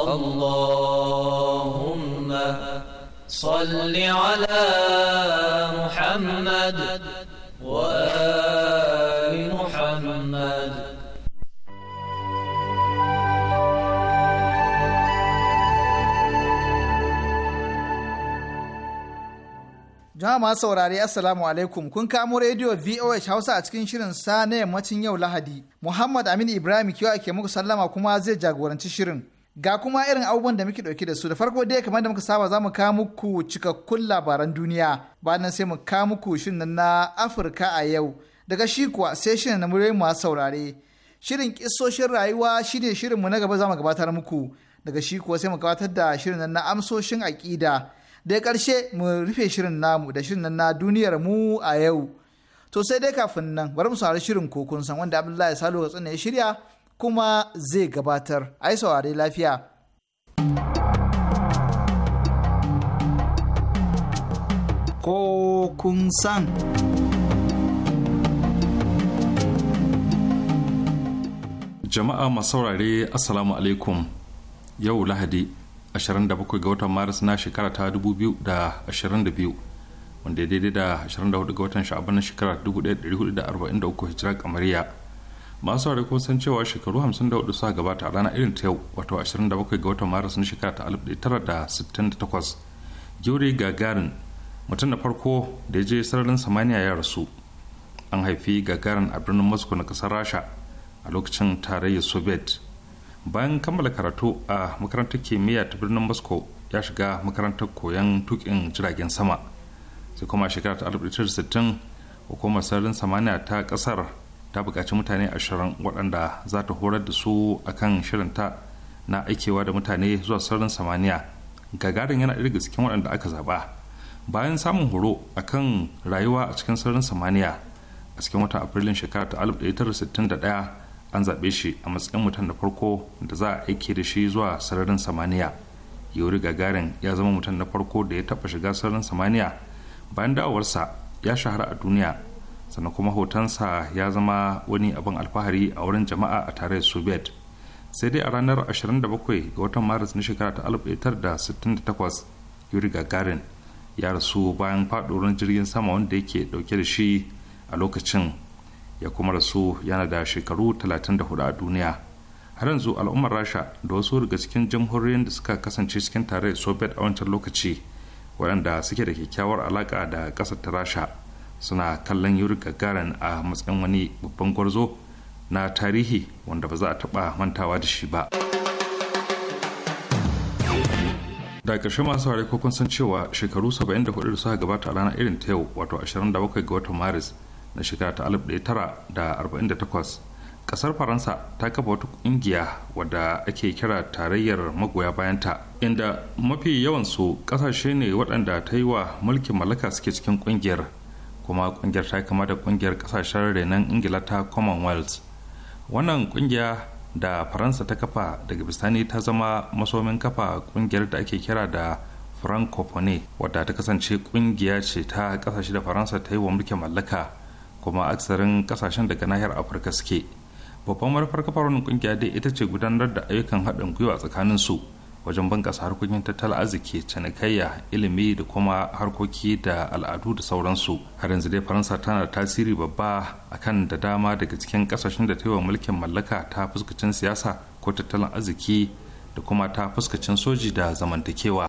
اللهم صل على محمد وآل محمد jama'a saurari assalamu alaikum kun kamo rediyo voh hausa a cikin shirin sa na yammacin yau lahadi muhammad amin ibrahim kiwa ke muku sallama kuma zai jagoranci shirin Ga kuma irin abubuwan da muke ɗauki da su da farko dai kamar da muka saba za mu kawo muku cikakkun labaran duniya bayan sai mu kawo muku shirin nan na Afirka a yau daga shi kuwa sai shirin na muryoyin masu saurare. Shirin kisoshin rayuwa shine mu na gaba za mu gabatar muku daga shi kuwa sai mu gabatar da shirin nan na amsoshin aƙida. da ƙarshe mu rufe shirin namu da shirin na duniyar mu a yau to sai dai kafin nan bari mu saurari shirin kokun san wanda abdullahi salo ga ya shirya kuma zai gabatar. Ai saurare lafiya. Ko kun san. Jama'a masaurare Assalamu alaikum yau Lahadi 27 ga watan Maris na shekara ta 2022 wanda daidai da 24 ga watan sha'aban na shekara 1443 hijira kamariya. masu saurari ko san cewa shekaru 54 suka gabata a ranar irin ta yau wato 27 ga watan maris na shekara ta 1968 yuri gagarin mutum na farko da ya je sararin samaniya ya rasu an haifi gagarin a birnin moscow na kasar rasha a lokacin tarayyar soviet bayan kammala karatu a makarantar kimiyya ta birnin moscow ya shiga makarantar koyon tukin jiragen sama sai kuma shekara ta 1960 hukumar sararin samaniya ta kasar ta bukaci mutane ashirin waɗanda za ta horar da su akan shirinta na aikewa da mutane zuwa sararin samaniya gagarin yana daga cikin waɗanda aka zaɓa bayan samun horo akan rayuwa a cikin sararin samaniya a cikin watan afrilun shekara ta 1961 an zaɓe shi a matsayin mutum da farko da za a aike da shi zuwa sararin samaniya yori gagarin ya zama mutum na farko da ya taɓa shiga sararin samaniya bayan dawowarsa ya shahara a duniya sannan kuma hotonsa ya zama wani abin alfahari a wurin jama'a a tarayyar soviet sai dai a ranar 27 ga watan maris na shekara ta 1968 yuri gagarin ya rasu bayan faɗorin jirgin sama wanda yake ɗauke da shi a lokacin ya kuma rasu yana da shekaru 34 a duniya har yanzu al'ummar rasha da wasu daga cikin jamhuriyar da suka kasance cikin tarayyar soviet a wancan lokaci waɗanda suke da kyakkyawar alaƙa da ƙasar ta rasha suna kallon yuri gagarin a matsayin wani babban gwarzo na tarihi wanda ba za a taɓa mantawa da shi ba da ƙarshe masu ware ko san cewa shekaru 74 da suka gabata a ranar irin ta yau wato 27 ga watan maris na shekara ta 1948 kasar faransa ta kafa wata ƙungiya wadda ake kira tarayyar magoya bayanta inda mafi yawansu ƙasashe ne waɗanda ta yi wa mulkin mallaka suke cikin ƙungiyar. kuma kungiyar ta kama da kungiyar kasashen renon ingila ta commonwealth wannan kungiya da faransa ta kafa daga bisani ta zama masomin kafa kungiyar da ake kira da francophonie wadda ta kasance kungiya ce ta kasashe da faransa ta yi wa mulkin mallaka kuma aksarin kasashen daga nahiyar afirka suke babban manufar kafar wannan kungiya dai ita ce gudanar da ayyukan haɗin gwiwa tsakanin su wajen bunƙasa harkokin tattalin arziki cinikayya ilimi da kuma harkoki da al'adu da sauransu har yanzu dai faransa tana da tasiri babba akan da dama daga cikin ƙasashen da ta yi wa mulkin mallaka ta fuskacin siyasa ko tattalin arziki da kuma ta fuskacin soji da zamantakewa.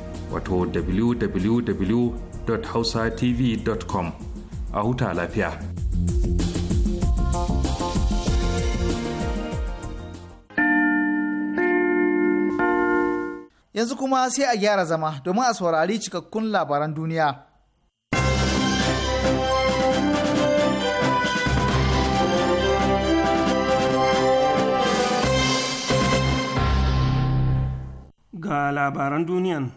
wato www.hausatv.com a huta lafiya. Yanzu kuma sai a gyara zama domin a saurari cikakkun labaran duniya. Ga labaran duniyan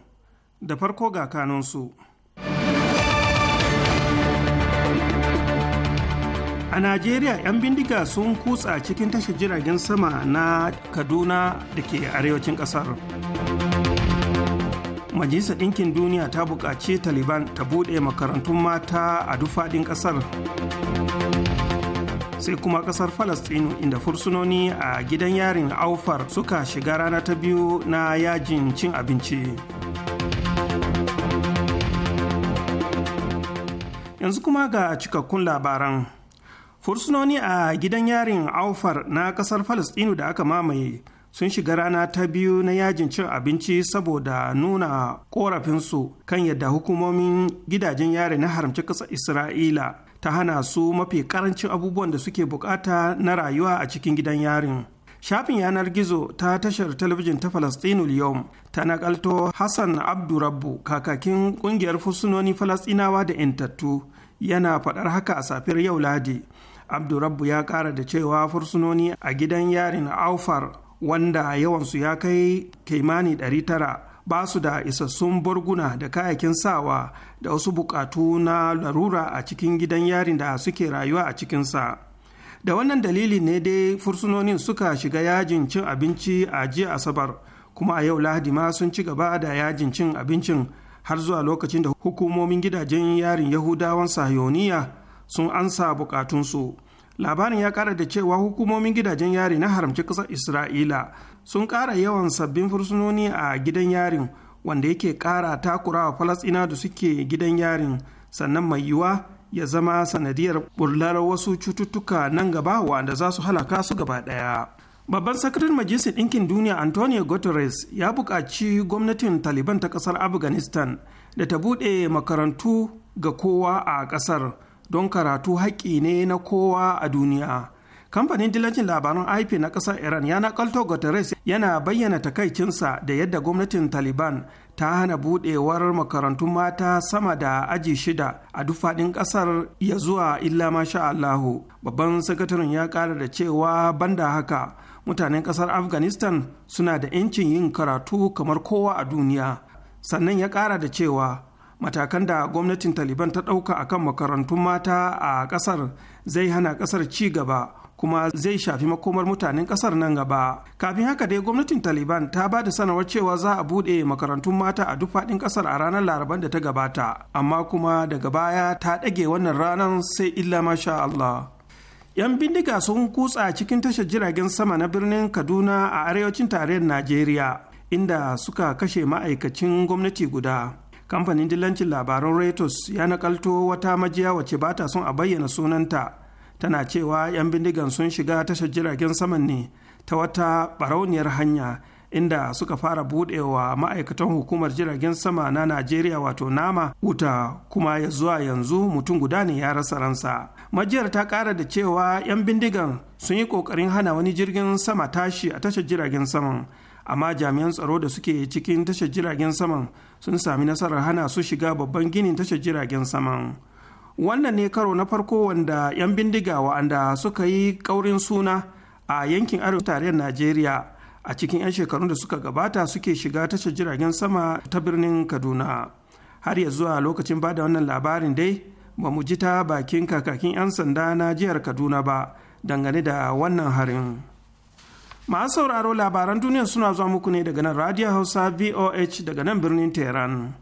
da farko ga kanunsu. A Najeriya 'yan bindiga sun kutsa cikin tashar jiragen sama na Kaduna da ke arewacin ƙasar. Majalisar Ɗinkin Duniya ta buƙaci Taliban ta buɗe makarantun mata a dufaɗin ƙasar. sai kuma ƙasar falastinu inda fursunoni a gidan yarin aufar suka shiga rana ta biyu na yajin cin abinci yanzu kuma ga cikakkun labaran fursunoni a gidan yarin aufar na kasar falastinu da aka mamaye sun shiga rana ta biyu na yajin cin abinci saboda nuna korafinsu kan yadda hukumomin gidajen yari na haramci ƙasar isra'ila ta hana su mafi karancin abubuwan da suke bukata na rayuwa a cikin gidan yarin shafin yanar gizo ta tashar talabijin ta falastinu yau ta nakalto hassan abdurabbu kakakin kungiyar fursunoni falastinawa da intattu yana faɗar haka a safiyar yau ladi abdurabbu ya ƙara da cewa fursunoni a gidan yarin aufar wanda yawansu ya kai kimani 900 ba su da isassun barguna da kayakin sawa da wasu bukatu na larura a cikin gidan yarin da suke rayuwa a cikinsa da wannan dalili ne dai fursunonin suka shiga yajin cin abinci a jiya asabar kuma a yau lahadi ma sun ci gaba da yajin cin abincin har zuwa lokacin da hukumomin gidajen yarin yahudawan sahiyoniya sun ansa bukatunsu labarin ya kara da cewa hukumomin gidajen yari na haramci ƙasar isra'ila sun ƙara yawan sabbin fursunoni a gidan yarin wanda yake ƙara takurawa falasɗina da suke gidan yarin sannan mai yiwuwa ya zama sanadiyar burlar wasu cututtuka nan gaba wanda za su halaka su gaba ɗaya. Babban sakataren Majalisar Ɗinkin Duniya Antonio Guterres ya buƙaci gwamnatin Taliban ta ƙasar Afghanistan da ta buɗe makarantu ga kowa a ƙasar don karatu haƙƙi ne na kowa a duniya. kamfanin dilancin labaran ip na ƙasar iran ya nakalto guterres yana bayyana takaicinsa da yadda gwamnatin taliban ta hana budewar makarantun mata sama da aji shida a duk fadin ƙasar ya zuwa illa masha allahu babban sakataren ya kara da cewa banda haka mutanen ƙasar afghanistan suna da 'yancin yin karatu kamar kowa a duniya sannan ya kara da cewa matakan da gwamnatin taliban ta ɗauka akan makarantun mata a ƙasar zai hana ƙasar ci gaba kuma zai shafi makomar mutanen kasar nan gaba kafin haka dai gwamnatin taliban ta ba da sanarwar cewa za a buɗe makarantun mata a duk faɗin kasar a ranar laraban da ta gabata amma kuma daga baya ta ɗage wannan ranar sai illa masha allah 'yan bindiga sun kutsa cikin tashar jiragen sama na birnin kaduna a arewacin tarayyar najeriya inda suka kashe ma'aikacin gwamnati guda kamfanin dillancin labaran reuters ya nakalto wata majiya wacce bata ta son a bayyana sunanta tana cewa 'yan bindigan sun shiga tashar jiragen saman ne ta wata barauniyar hanya inda suka fara budewa ma'aikatan hukumar jiragen sama na najeriya wato nama wuta kuma ya zuwa yanzu mutum guda ne ya rasa ransa majiyar ta kara da cewa 'yan bindigan sun yi kokarin hana wani jirgin sama tashi a tashar jiragen saman amma jami'an tsaro da suke cikin tashar jiragen saman sun sami nasarar hana su shiga babban ginin tashar jiragen saman wannan ne karo na farko wanda 'yan bindiga wa'anda suka yi ƙaurin suna a yankin arewa tarayyar najeriya a cikin 'yan shekarun da suka gabata suke shiga tashar jiragen sama ta birnin kaduna har ya zuwa lokacin bada wannan labarin dai ba mu ji ta bakin kakakin 'yan sanda na jihar kaduna ba dangane da wannan harin masu sauraro labaran duniya suna zuwa muku ne daga nan radio hausa voh daga nan birnin tehran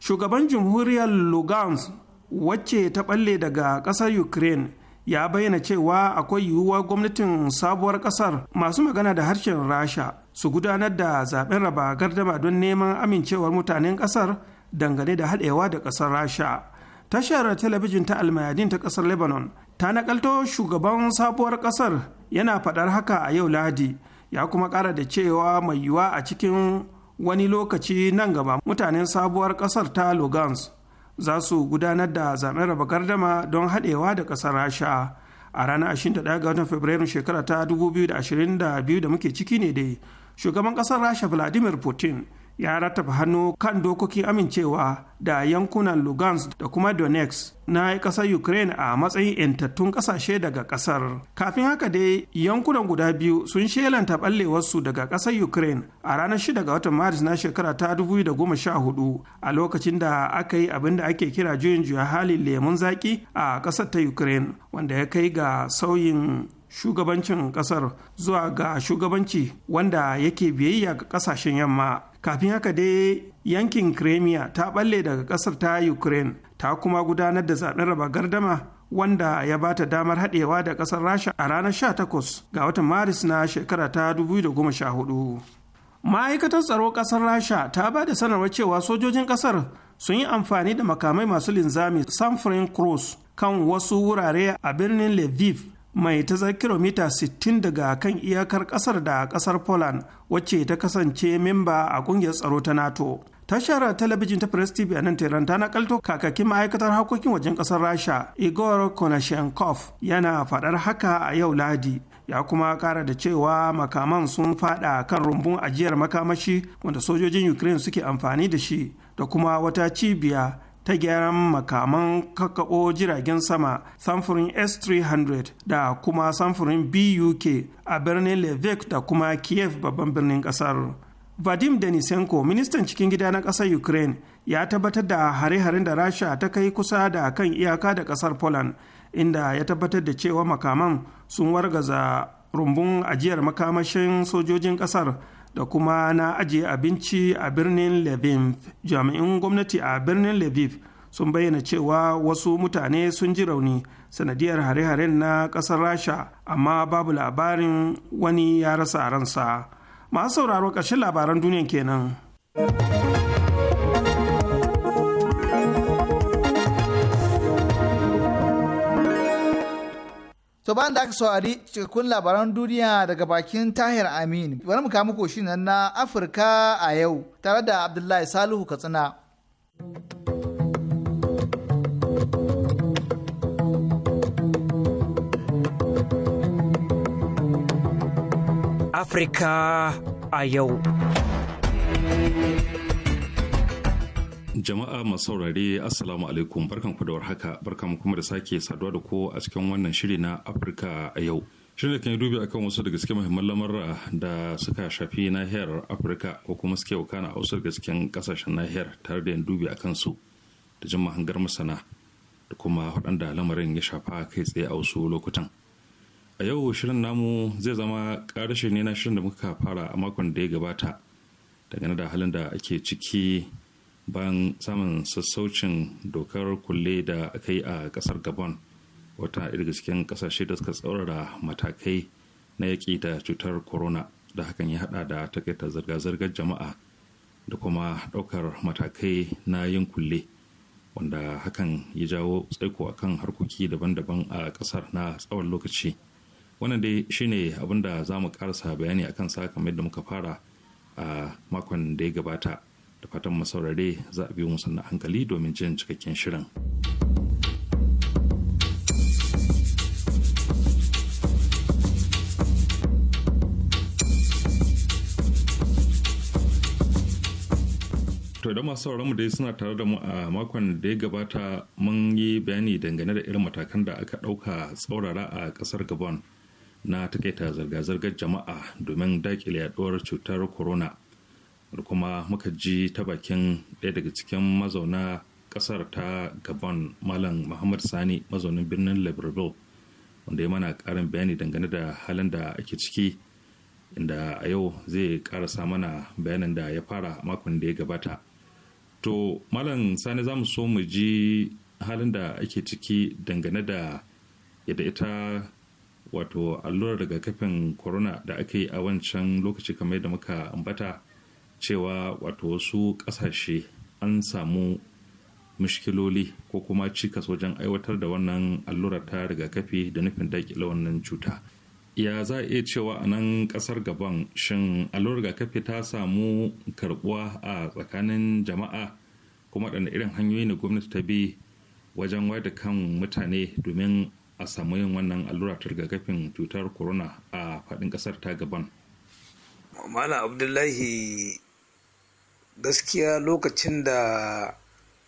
shugaban jumhuriyar lugans wacce ta balle daga ƙasar ukraine ya bayyana cewa akwai yiwuwa gwamnatin sabuwar ƙasar masu magana da harshen rasha su gudanar da zaben raba gardama don neman amincewar mutanen ƙasar dangane da haɗewa da ƙasar rasha tashar talabijin ta almayadin ta ƙasar lebanon ta nakalto shugaban sabuwar ƙasar yana faɗar haka a yau lahadi ya kuma ƙara da cewa mai yiwuwa a cikin wani lokaci nan gaba mutanen sabuwar ƙasar ta logans za su gudanar da zaben raba gardama don haɗewa da ƙasar rasha a ranar 21 ga watan fabrairun shekara ta 2022 da muke ciki ne dai shugaban ƙasar rasha vladimir putin ya rataba hannu kan dokokin amincewa da yankunan Lugansk da kuma Donetsk na kasar Ukraine a matsayin 'yantattun kasashe daga kasar Kafin haka dai yankunan guda biyu sun shelanta ballewarsu daga ƙasar Ukraine a ranar 6 ga watan Maris na shekara ta 2014 a lokacin da aka yi abin da ake kira juyin juya halin lemun zaki a ƙasar ta Ukraine wanda ya kai ga sauyin shugabancin kasar zuwa ga shugabanci wanda yake biyayya ga kasashen yamma kafin haka dai yankin kremia ta balle daga kasar ta ukraine ta kuma gudanar da zaben raba gardama wanda ya bata damar haɗewa da ƙasar rasha a ranar 18 ga watan maris na shekara ta 2014 ma'aikatar tsaro ƙasar rasha ta ba da sanarwar cewa sojojin ƙasar sun yi amfani da makamai masu linzami samfurin cross kan wasu wurare a birnin lviv mai tazar kilomita 60 daga kan iyakar kasar da kasar poland wacce ta kasance memba a kungiyar tsaro ta nato tashar talabijin ta press tv a nan tiran ta nakalto kakakin ma'aikatar harkokin wajen kasar rasha igor konashenkov yana faɗar haka a yau ladi ya kuma kara da cewa makaman sun faɗa kan rumbun ajiyar makamashi wanda sojojin ukraine suke amfani da shi da kuma wata cibiya ta gyaran makaman kakabo jiragen sama samfurin S-300 da kuma samfurin BUK a birnin Levek da kuma Kiev babban birnin kasar. Vadim Denisenko, ministan cikin gida na ƙasar Ukraine, ya tabbatar da hare-haren da Rasha ta kai kusa da kan iyaka da ƙasar Poland, inda ya tabbatar da cewa makaman sun wargaza rumbun ajiyar makamashin sojojin ƙasar. da kuma na ajiye abinci a birnin lviv jami'in gwamnati a birnin lviv sun bayyana cewa wasu mutane sun ji rauni sanadiyar hare-haren na ƙasar rasha amma babu labarin wani ya rasa ransa masu sauraro ƙarshen labaran duniya kenan. To bayan da aka saurari cikakkun labaran duniya daga bakin Tahir Amin, bari mu kawo muku shi nan na Afirka a yau tare da Abdullahi Salihu Katsina. Afirka a yau. Jama'a masu saurare Assalamu alaikum barkan ku da warhaka barkan kuma da sake saduwa da ko a cikin wannan shiri na Afirka a yau. Shirin da kan yi dubi akan wasu daga cikin muhimman lamarra da suka shafi nahiyar Afirka ko kuma suke wakana a wasu daga cikin kasashen nahiyar tare da yin dubi akan su da jin mahangar masana da kuma waɗanda lamarin ya shafa kai tsaye a wasu lokutan. A yau shirin namu zai zama ƙarashe ne na shirin da muka fara a makon da ya gabata dangane da halin da ake ciki bayan samun sassaucin dokar kulle da aka yi a kasar gabon wata daga cikin kasashe da suka tsaurara matakai na yaƙi da cutar corona da hakan ya hada da takaita zirga-zirgar jama'a da kuma ɗaukar matakai na yin kulle wanda hakan ya jawo tsaiko a kan harkoki daban-daban a ƙasar na tsawon lokaci wannan dai shine abin da za mu karasa bayani akan sa kamar da muka fara a makon da ya gabata da fatan masaurare za a biyo musu na hankali domin jin cikakken shirin. to da masu mu dai suna tare da mu a makon da ya gabata mun yi bayani dangane da irin matakan da aka ɗauka tsaurara a ƙasar gabon na takaita zirga-zirgar jama'a domin daƙile yaduwar cutar corona da kuma muka ji ta bakin ɗaya daga cikin mazauna ƙasar ta gabon malam muhammad sani mazaunin birnin libreville wanda ya mana ƙarin bayani dangane da halin da ake ciki inda a yau zai ƙarasa mana bayanin da ya fara makon da ya gabata to malam sani za mu so mu ji halin da ake ciki dangane da yadda ita wato allurar daga kafin corona da aka yi a wancan lokaci kamar da muka ambata cewa wato wasu ƙasashe an samu mushkiloli ko kuma cikas wajen aiwatar da wannan allura ta rigakafi da nufin daƙila wannan cuta ya za a iya cewa a nan ƙasar gaban shin allurar rigakafi ta samu karbuwa a tsakanin jama'a kuma da irin hanyoyi ne gwamnati ta bi wajen wada kan mutane domin a samu yin wannan allura ta rigakafin cutar corona a faɗin ƙasar ta gaban. Malam Abdullahi gaskiya lokacin da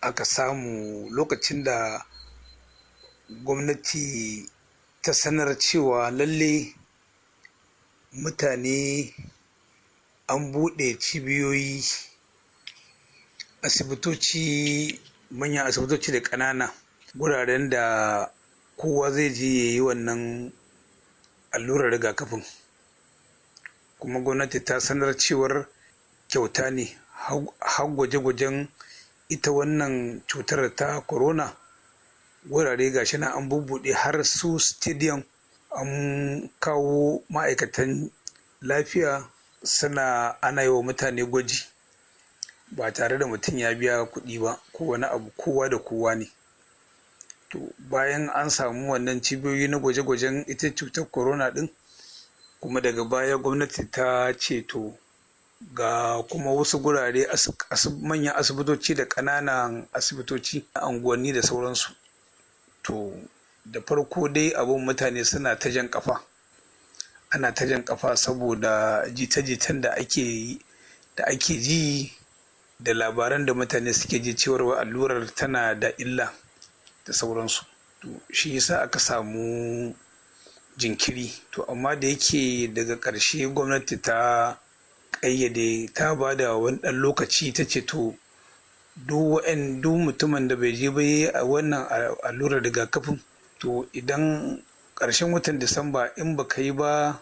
aka samu lokacin da gwamnati ta sanar cewa lalle mutane an buɗe cibiyoyi asibitoci manyan asibitoci da ƙanana guraren da kowa zai je ya yi wannan allurar rigakafin kuma gwamnati ta sanar cewar kyauta ne har gwaje-gwajen ita wannan cutar ta corona wurare gashi na an bubuɗe har su stadium an kawo ma'aikatan lafiya suna ana yi wa mutane gwaji ba tare da mutum ya biya kuɗi ba ko wani abu kowa da kowa ne to bayan an samu wannan cibiyoyi na gwaje-gwajen ita cutar corona ɗin kuma daga baya gwamnati ta ce to ga kuma wasu gurare manyan asibitoci da ƙananan asibitoci a unguwanni da sauransu to da farko dai abin mutane suna ta jan kafa ana ta jan kafa saboda jita-jitan da ake da ake ji da labaran da mutane suke ji cewar allurar tana da illa da sauransu to shi yasa aka samu jinkiri to amma da yake daga ƙarshe gwamnati ta ƙayyade ta ba da wani ɗan lokaci ta ce to duk mutumin da bai je ba yi a wannan allurar rigakafin to idan ƙarshen watan disamba in ba ka yi ba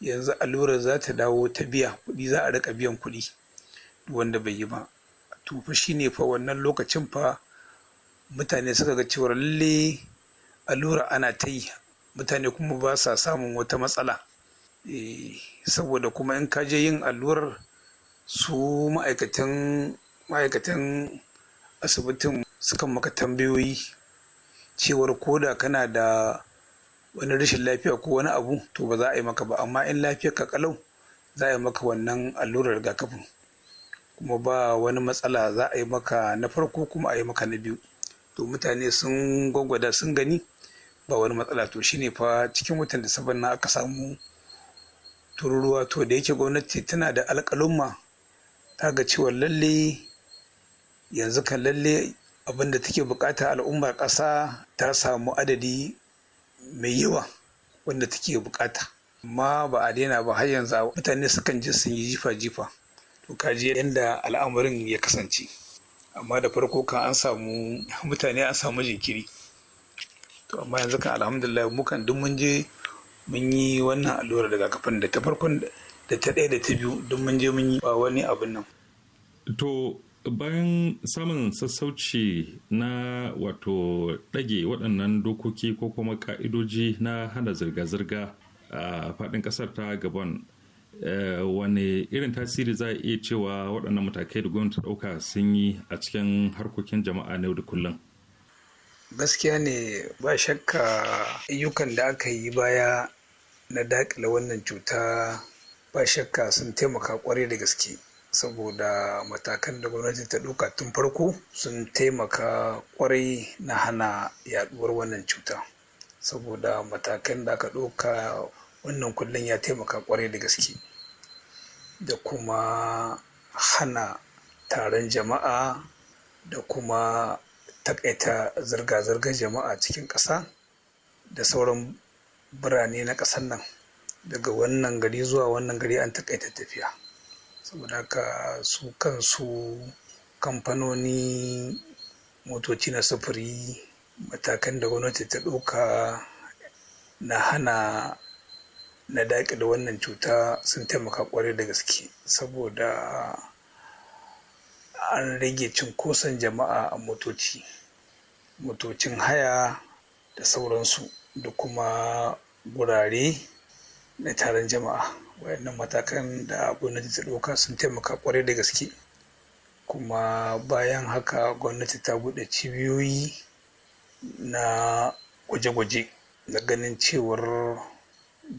yanzu allurar za ta dawo ta biya kuɗi za a rika biyan kuɗi wanda bai yi ba to fa shine fa wannan lokacin fa mutane suka ga cewar lalle allura ana ta yi mutane kuma ba sa samun wata matsala Eh, saboda kuma in ka je yin allurar su ma'aikatan ma'aikatan asibitin sukan maka tambayoyi cewar koda kana da wani rashin lafiya ko wani abu to ba za a yi maka ba amma in lafiya ka kalau za a yi maka wannan allurar rigakafin kuma ba wani matsala za a yi maka na farko kuma a yi maka na biyu to mutane sun gwagwada sun gani ba wani matsala to shine fa cikin watan da saban na aka samu tururuwa to da yake gwamnati tana da alƙalumma ta ga cewa lalle yanzu kan lalle abin da take bukata al'ummar ƙasa ta samu adadi mai yawa wanda take bukata amma ba a daina ba har yanzu mutane sukan je sun yi jifa-jifa to kaji yadda al'amarin ya kasance amma da farko kan an samu mutane an samu jinkiri to amma yanzu kan alhamdulillah mukan duk mun je mun yi wannan allurar rigakafin da ta farkon da ta ɗaya da ta biyu don mun je mun yi ba wani abin nan. To bayan samun sassauci na wato ɗage waɗannan dokoki ko kuma ka'idoji na hana zirga-zirga a faɗin ƙasar ta gabon eh, wane irin tasiri za a iya cewa waɗannan matakai da gwamnati ɗauka sun yi a cikin harkokin jama'a na yau da kullum gaskiya ne ba shakka ayyukan da aka yi baya na dakile wannan cuta ba shakka sun taimaka kwarai da gaske saboda matakan da gwamnati ta ɗauka tun farko sun taimaka kwarai na hana yaɗuwar wannan cuta saboda matakan da aka ɗauka wannan kullum ya taimaka kwarai da gaske da kuma hana taron jama'a da kuma takaita zirga-zirgar jama'a cikin ƙasa da sauran birane na ƙasar nan daga wannan gari zuwa wannan gari an takaita tafiya saboda haka su kansu kamfanoni motoci na sufuri matakan da gwamnati ta ɗauka na hana na daƙi da wannan cuta sun taimaka ƙwarai da gaske saboda an rage cunkoson jama'a a motoci motocin haya da sauransu da kuma gurare na taron jama'a wayannan matakan da gwamnati ta ɗauka sun taimaka kwarai da gaske kuma bayan haka gwamnati ta buɗe cibiyoyi na gwaje-gwaje Na ganin cewar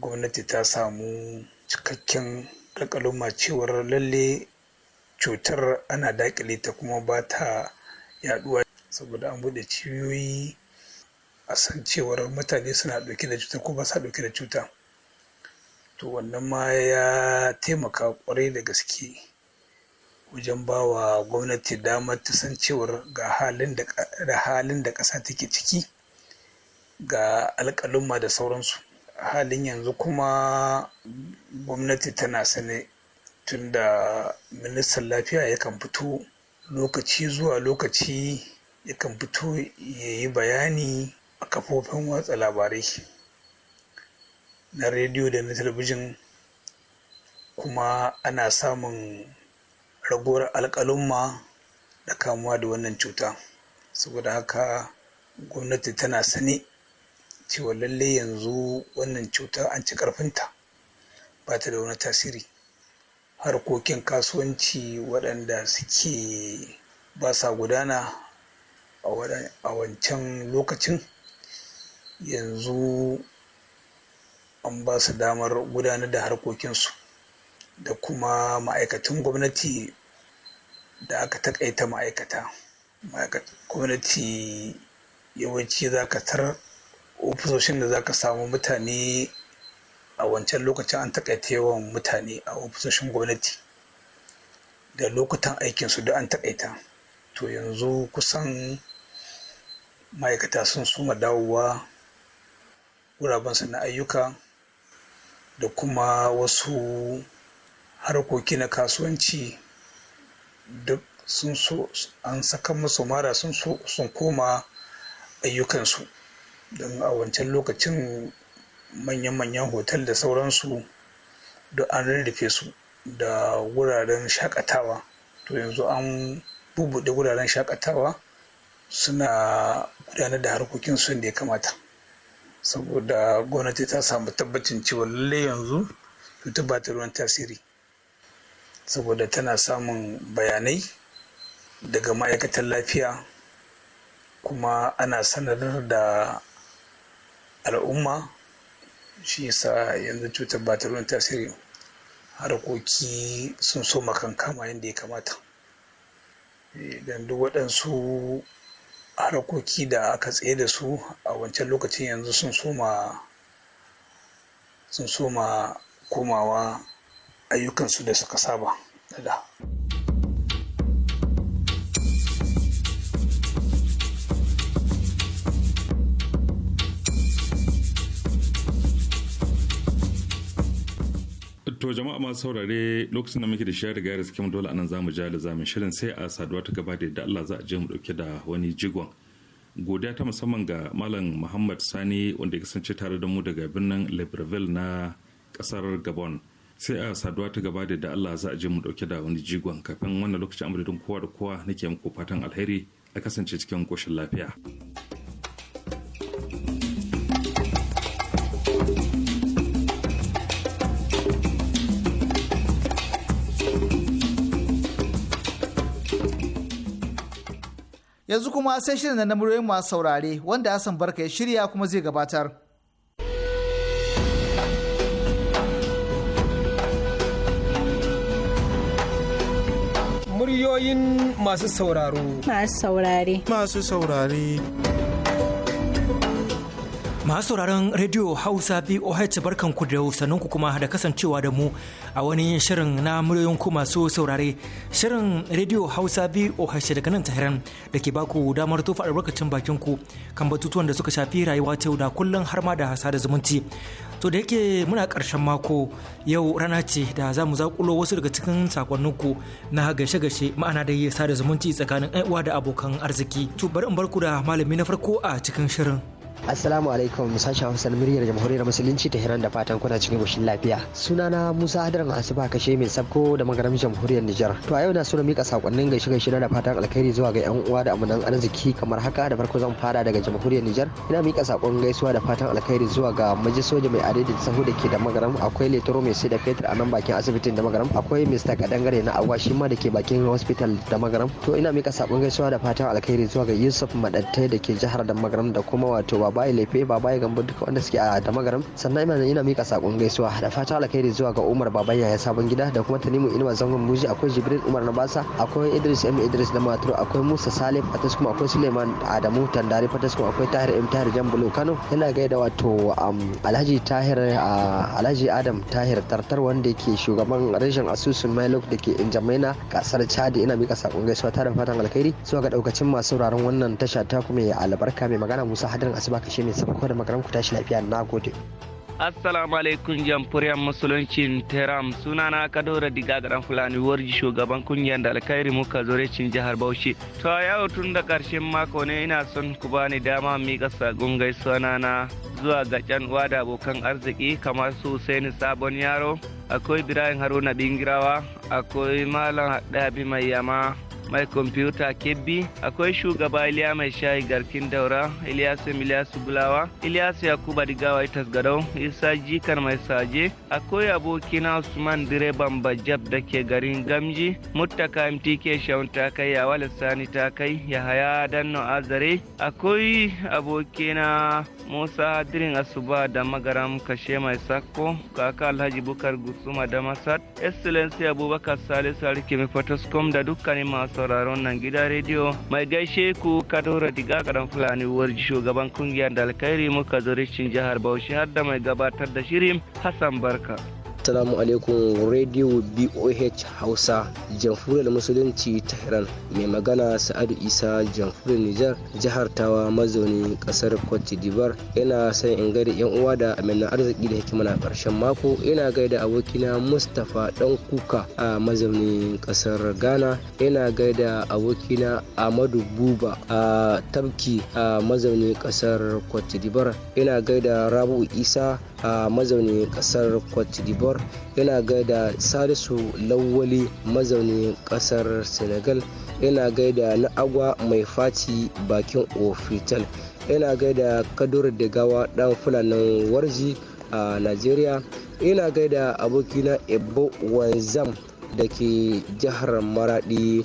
gwamnati ta samu cikakken ƙaƙaluma cewar lalle cutar ana daƙile ta kuma ba ta yaɗuwa saboda an buɗe cibiyoyi a san cewar mutane suna ɗauke da cuta ko ba sa ɗauke da cuta to wannan ma ya taimaka kwarai da gaske wajen ba wa gwamnati damar ta san cewar ga halin da ƙasa take ciki ga alƙalumma da sauransu halin yanzu kuma gwamnati tana sane tun da ministan lafiya yakan fito lokaci zuwa lokaci yakan fito ya yi bayani a kafofin watsa labarai na rediyo da na talabijin kuma ana samun ragowar alƙalumma da kamuwa da wannan cuta saboda haka gwamnati tana sane cewa lalle yanzu wannan cuta an ci ƙarfinta ba ta da wani tasiri harkokin kasuwanci waɗanda suke ba sa gudana a wancan lokacin yanzu an ba su damar gudanar da harkokinsu da kuma ma'aikatan gwamnati da aka takaita ma'aikata gwamnati yawanci za ka tar ofisoshin da za ka samu mutane a wancan lokacin an takaita yawan mutane a ofisoshin gwamnati da lokutan aikinsu da an takaita to yanzu kusan ma'aikata sun suma dawowa su na ayyuka da kuma wasu harkoki na kasuwanci duk sun so an saka musu mara sun so sun koma ayyukansu don a wancan lokacin manyan-manyan hotel da sauransu duk an rarrafe su da wuraren shakatawa to yanzu an bubuɗe wuraren shakatawa suna gudanar da harkokin su da ya kamata saboda gwamnati ta samu tabbacin cewa lalle yanzu cutar ba ta ruwan tasiri saboda tana samun bayanai daga ma'aikatan lafiya kuma ana sanar da al'umma shi yasa yanzu cutar ba ta ruwan tasiri harkoki sun so kama yadda ya kamata eh, don duk waɗansu harkoki da aka tsaye da su a wancan lokacin yanzu sun soma sun soma komawa ayyukansu da suka saba da To jama'a masu saurare lokacin da muke da shiyar riga da suke dole anan zamu ja da zamin shirin sai a saduwa ta gaba da yadda Allah za a je mu dauke da wani jigon. Godiya ta musamman ga Malam Muhammad Sani wanda ya kasance tare da mu daga birnin Libreville na kasar Gabon. Sai a saduwa ta gaba da yadda Allah za a je mu dauke da wani jigon kafin wannan lokacin amadadin kowa da kowa nake muku fatan alheri a kasance cikin koshin lafiya. yanzu kuma sai shirin na muryoyin masu saurare wanda Hassan Barka ya shirya kuma zai gabatar. Muryoyin masu sauraro. Masu saurare. Masu saurare. Masu sauraron Radio Hausa BOH barkanku da ku kuma da kasancewa da mu a wani shirin na muryoyin ku masu saurare. Shirin Radio Hausa BOH daga nan Tahiran da ke baku damar tofa albarkacin bakin ku kan batutuwan da suka shafi rayuwa ta da kullum har ma da hasa zumunci. To da yake muna karshen mako yau rana ce da za mu zakulo wasu daga cikin sakonninku na gashe-gashe ma'ana da sada zumunci tsakanin uwa da abokan arziki. To bari in barku da malami na farko a cikin shirin. Assalamu alaikum sashen Hausa muryar Jamhuriyar Musulunci ta Hiran da fatan kuna cikin goshin lafiya. Sunana Musa masu ba kashe mai sabko da magaram Jamhuriyar Nijar. To a yau na suna miƙa mika sakonnin gaishe gaishe da fatan alkhairi zuwa ga yan uwa da amanan arziki kamar haka da farko zan fara daga Jamhuriyar Nijar. Ina mika sakon gaisuwa da fatan alkhairi zuwa ga Maji Soja mai adadin sahu da ke da magaram akwai Letoro mai sai da fetur a nan bakin asibitin da magaram akwai Mr. Kadangare na Awa shi ma da ke bakin hospital da magaram. To ina mika sakon gaisuwa da fatan alkhairi zuwa ga Yusuf Madattai da ke jihar da magaram da kuma wato babaye lefe ya gambo duka wanda suke a da magaram sannan ina ina mika sakon gaisuwa da fata alkhairi zuwa ga umar baban yaya sabon gida da kuma tanimu inuwa zangon muji akwai jibril umar na basa akwai idris m idris da maturu akwai musa salim a kuma akwai suleiman adamu tandari fatas kuma akwai tahir m tahir jambulo kano yana gaida wato um, alhaji tahir uh, alhaji adam tahir tartar wanda yake shugaban rashin asusun mailok da ke injamaina kasar chadi ina mika sakon gaisuwa tare da fatan alkhairi zuwa ga daukacin masu sauraron wannan tasha ta kuma albarka mai magana musa hadarin asuba kuma kashe mai sabako da makaran ku tashi lafiya na gode. Assalamu alaikum jamhuriyar musuluncin Tehran sunana Kadora Diga garan Fulani Warji shugaban kungiyar da alkhairi muka zore cin jihar Bauchi. To yau tun da karshen mako ne ina son ku bani dama mika sagon gaisuwa na zuwa ga can uwa da abokan arziki kamar su Saini Sabon Yaro, akwai Ibrahim Haruna Bingirawa, akwai Malam Haddabi Mai Yama, mai kwamfuta kebbi akwai shugaba iliya mai shayi garkin daura iliyasu miliyasu bulawa iliyasu yakuba digawa itas gadau isa jikar mai saje akwai abokina usman direban bajab da ke garin gamji muttaka mtk shaun ta kai yawa Sani ta kai yahaya danno azare akwai abokina musa hadirin asuba da magaram kashe mai sakko kaka alhaji bukar Gusuma da masat excellency abubakar salisu arike mai da dukkanin masu sauraron nan gida rediyo mai gaishe ku kadora diga kadan fulani warji shugaban kungiyar da alkhairi muka zuricin jihar bauchi har da mai gabatar da shirin hassan barka Assalamu alaikum Radio BOH Hausa Jamhuriyar Musulunci Tehran mai magana Sa'adu Isa Jamhuriyar Nijar jihar Tawa mazauni kasar Cote d'Ivoire yana son in gaida yan uwa da amina arziki da hikima na karshen mako yana gaida abokina Mustapha Dan Kuka a mazaunin kasar Ghana yana gaida abokina amadu Buba a tabki a mazaunin kasar Cote d'Ivoire yana gaida Rabu Isa a mazaunin kasar cote d'ivoire yana gaida salisu lawali mazaunin kasar senegal yana gaida na agwa mai faci bakin ofital yana gaida kadur da gawa dan fulanin warji a nigeria yana gaida abokina ebo wanzam da ke jihar maradi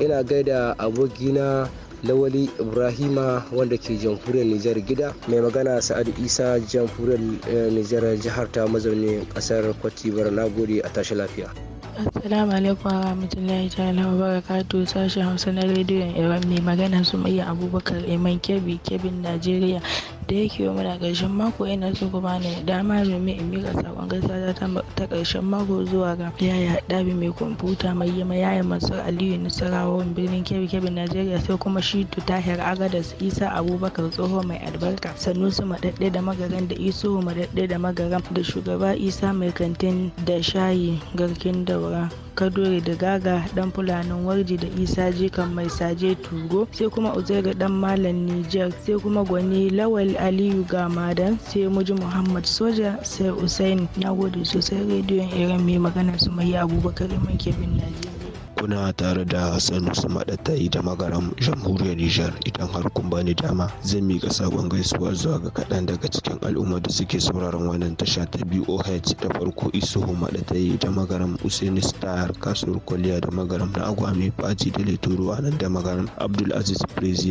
ina gaida abokina lawali ibrahima wanda ke jamhuriyar nijar gida mai magana sa'adu isa jamhuriyar eh, nijar jihar ta mazauni kasar kwatibar nagode a tashi lafiya Assalamu alaikum wa rahmatullahi ta'ala wa barakatu sashen Hausa na rediyon Iran mai magana su mai Abubakar Iman kebi kebin Najeriya da yake wa muna karshen mako yana so kuma ne dama domin in miƙa sakon gaisuwa ta karshen mako zuwa ga yaya ɗabi mai kwamfuta mai ma yaya masu Aliyu Nasarawa birnin Kebbi kebin Najeriya sai kuma rashidu tahir agadas isa abubakar tsoho mai albarka sanusi maɗaɗɗe da magaran da iso maɗaɗɗe da magaran da shugaba isa mai kantin da shayi garkin daura kadore da gaga dan fulanin warji da isa jikan mai saje turo sai kuma Uzairu dan malam Nijar sai kuma gwani lawal aliyu ga gamadan sai muji muhammad soja sai usain na gode sosai rediyon irin mai magana su mai abubakar mai kebin najeriya kuna tare da sanusi yi da magaram jamhuriyar nijar idan har kun bani dama zan miƙa sabon gaisuwa zuwa ga kaɗan daga cikin al'umma da suke sauraron wannan tasha ta boh da farko isuhu maɗatai da magaram usaini star kasuwar kwalliya da magaram na agwami faji da leturu a nan da magaram abdul aziz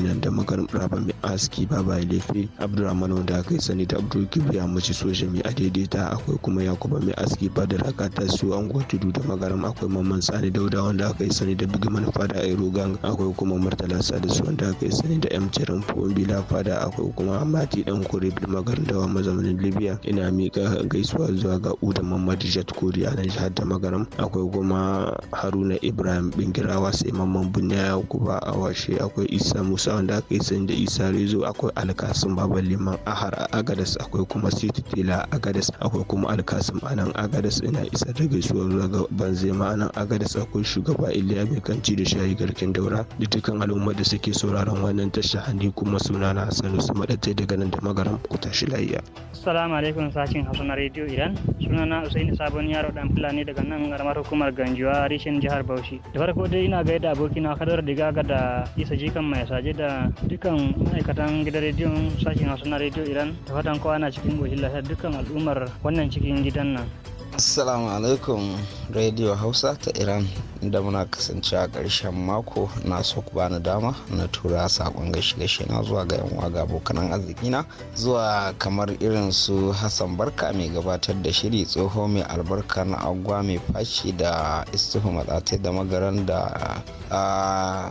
nan da magaram raba mai aski baba lefe abdulrahman wanda aka yi sani da abdul kibriya mace soja mai adaidaita akwai kuma yakuba mai aski badar haka ta su an tudu da magaram akwai mamman tsari dauda wanda aka aka yi sani da Bigman Fada Aero Gang akwai kuma Murtala Salisu wanda aka yi sani da yan Cirin Bila Fada akwai kuma Mati Dan kore Bilmagar da mazaunin Libya ina miƙa gaisuwa zuwa ga Uda Mamad Jet kori a nan jihar da Magaram akwai kuma Haruna Ibrahim Bingirawa sai Mamman Bunya Yakuba a washe akwai Isa Musa wanda aka yi sani da Isa Rezo akwai Alkasim baban Liman Ahar a Agadas akwai kuma Siti Tela Agadas akwai kuma Alkasim a nan Agadas ina isa da gaisuwa zuwa ga Banzema a nan Agadas akwai shugaba iliya mai kanci da shayi garkin daura da dukkan al'umma da suke sauraron wannan tasha hannu kuma suna na hassan su madatai daga nan da magaram ku tashi lafiya assalamu alaikum sashin hausa na rediyo iran suna na usaini sabon yaro dan fulani daga nan garmar hukumar ganjuwa rishin jihar bauchi da farko dai ina gaida abokina kadar digaga da isa jikan mai saje da dukkan ma'aikatan gidan rediyon sashin hausa na rediyo iran da fatan kowa na cikin goshin lafiya dukkan al'ummar wannan cikin gidan nan Assalamu alaikum Radio Hausa ta Iran inda muna kasance a ƙarshen mako na so ku bani dama na tura saƙon gaishe gashi na zuwa ga 'yan waga ga abokanan arzikina zuwa kamar irin su Hassan Barka mai gabatar da shiri tsoho mai albarka na agwa mai fashi da istufa Matsatai da Magaran da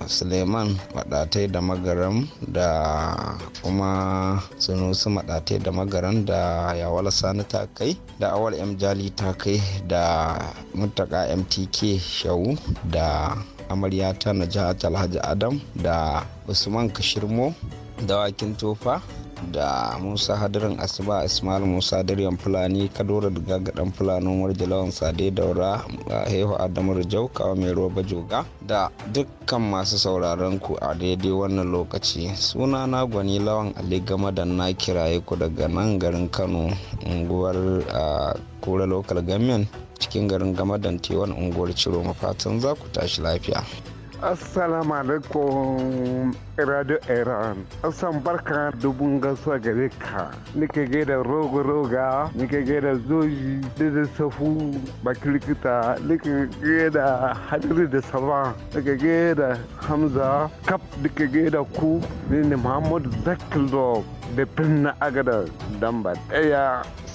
Suleiman Matsatai da Magaran da kuma Sunusu Matsatai da Magaran da Yawala Sani ta kai da Awal M Jali ta kai da mutaka mtk shawu da ta na jihar alhaji adam da usman kashirmo dawakin tofa da musa hadirin asuba ismail musa daryan fulani kadora da gadan fulani umar jalawan sade daura haihu adamu jau kawo mai roba joga da dukkan masu sauraron ku a daidai wannan lokaci suna na gwani lawan ali game da na kiraye ku daga nan garin kano unguwar kura local government cikin garin da tewan unguwar ciro mafatan za ku tashi lafiya Assalamu alaikum Radio Iran. Asan barka dubun gaswa gare ka. Nike da rogo roga, nike da zoji da safu bakilkita likita, nike da hadiri da saba, nike da Hamza, kap nike da ku, ni Muhammadu Zakilov da Finna Agada Damba. Ɗaya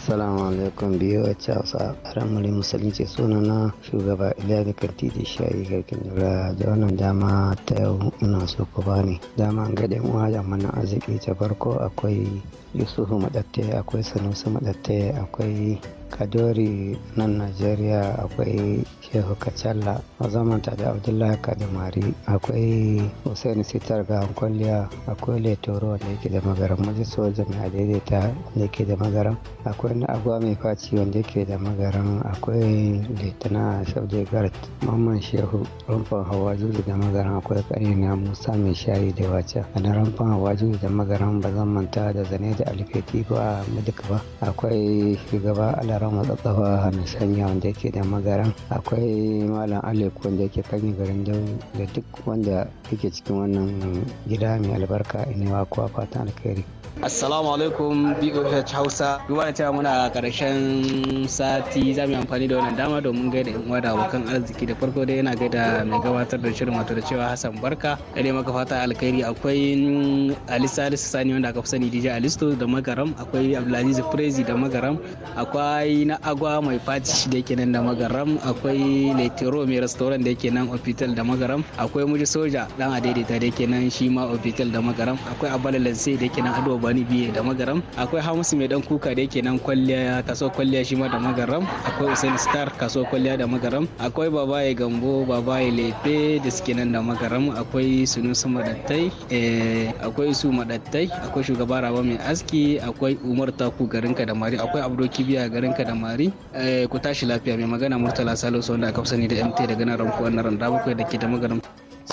Assalamu alaikum biyu a Hausa ƙaramin musulunci suna na shugaba Iliya da Kanti da Shayi Garkin Jura da wannan dama ta yau ina so ku bani dama ga gaɗe uwa da mana arziki ta farko akwai Yusufu Maɗatte akwai Sanusi Maɗatte akwai Kadori nan Najeriya akwai shehu kacalla zaman da abdullahi kadamari akwai hussein sitar ga kwalliya akwai letoro wanda yake da magaran majiso wajen mai daidaita da yake da magaran akwai na agwa mai faci wanda yake da magaran akwai letana shabda gart mamman shehu rumfan hawa juji da magaran akwai kare na musa mai shayi da wacce a na rumfan hawa juji da magaran ba zan manta da zane da alifeti ba duka ba akwai shugaba alaran Tsatsawa mai wanda yake da magaran akwai kai malam alek wanda yake fagen garin dau da duk wanda yake cikin wannan gida mai albarka inewa kuwa fatan alkhairi Assalamu alaikum BOH Hausa. Duba cewa muna karshen sati za mu yi amfani da wannan dama domin gaida yan uwa da abokan arziki da farko dai yana gaida mai gabatar da shirin wato da cewa Hassan Barka. Kare maka fata alkhairi akwai Ali Salisu Sani wanda aka fi sani DJ Alisto da Magaram, akwai Abdulaziz Prezi da Magaram, akwai na Agwa mai fati da yake nan da Magaram, akwai Letero mai restaurant da yake nan Ofital da Magaram, akwai Muji Soja dan Adaidaita da yake nan shi ma Ofital da Magaram, akwai Abala Lanse da yake nan Ado bani biye da magaram akwai hamisu mai dan kuka da yake nan kwalliya kaso kwalliya shi ma da magaram akwai usain star kaso kwalliya da magaram akwai babaye gambo babaye lefe da suke nan da magaram akwai sunusu madattai eh, akwai su madattai akwai shugaba raba mai aski akwai umar taku garin kadamari akwai abdo kibiya garin kadamari eh, ku tashi lafiya mai magana murtala salisu wanda aka sani da mt daga nan ranku wannan randa bakwai da ke da magaram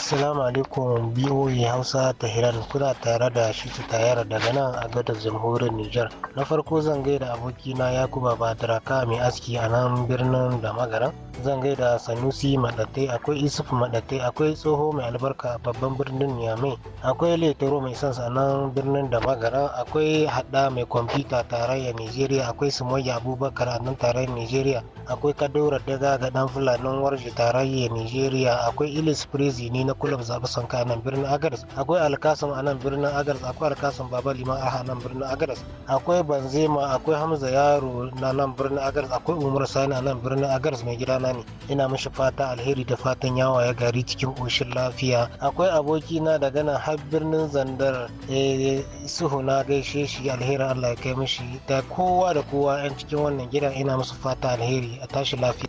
Salamu alaikum BOE Hausa Tahiran kuna tare da shi tayar daga nan a gadar jamhuriyar Nijar. Na farko zan gaida abokina Yakuba Badaraka mai aski a nan birnin da magaran. Zan gaida Sanusi Madatte akwai Isuf Madatte akwai Tsoho mai albarka a babban birnin Niamey. Akwai Letoro mai sans a nan birnin da magaran akwai Hada mai kwamfuta tarayyar Nijeriya akwai Sumayya Abubakar a nan tarayyar Nijeriya akwai Kadura Daga ga dan Fulanin Warji tarayyar Nijeriya akwai Ilis Prezi ne na kulab zaɓi sanka nan birnin akwai alkasan a nan birnin Agars akwai alkasan baba liman aha nan birnin Agars akwai banzema akwai hamza yaro na nan birnin Agars akwai umar sani a nan birnin Agars mai gidana ne ina mishi fata alheri da fatan yawa ya gari cikin koshin lafiya akwai abokina daga nan har birnin zandar eh, suhu na gaishe shi alheri allah ya kai mishi da kowa da kowa 'yan cikin wannan gidan ina musu fata alheri a tashi lafiya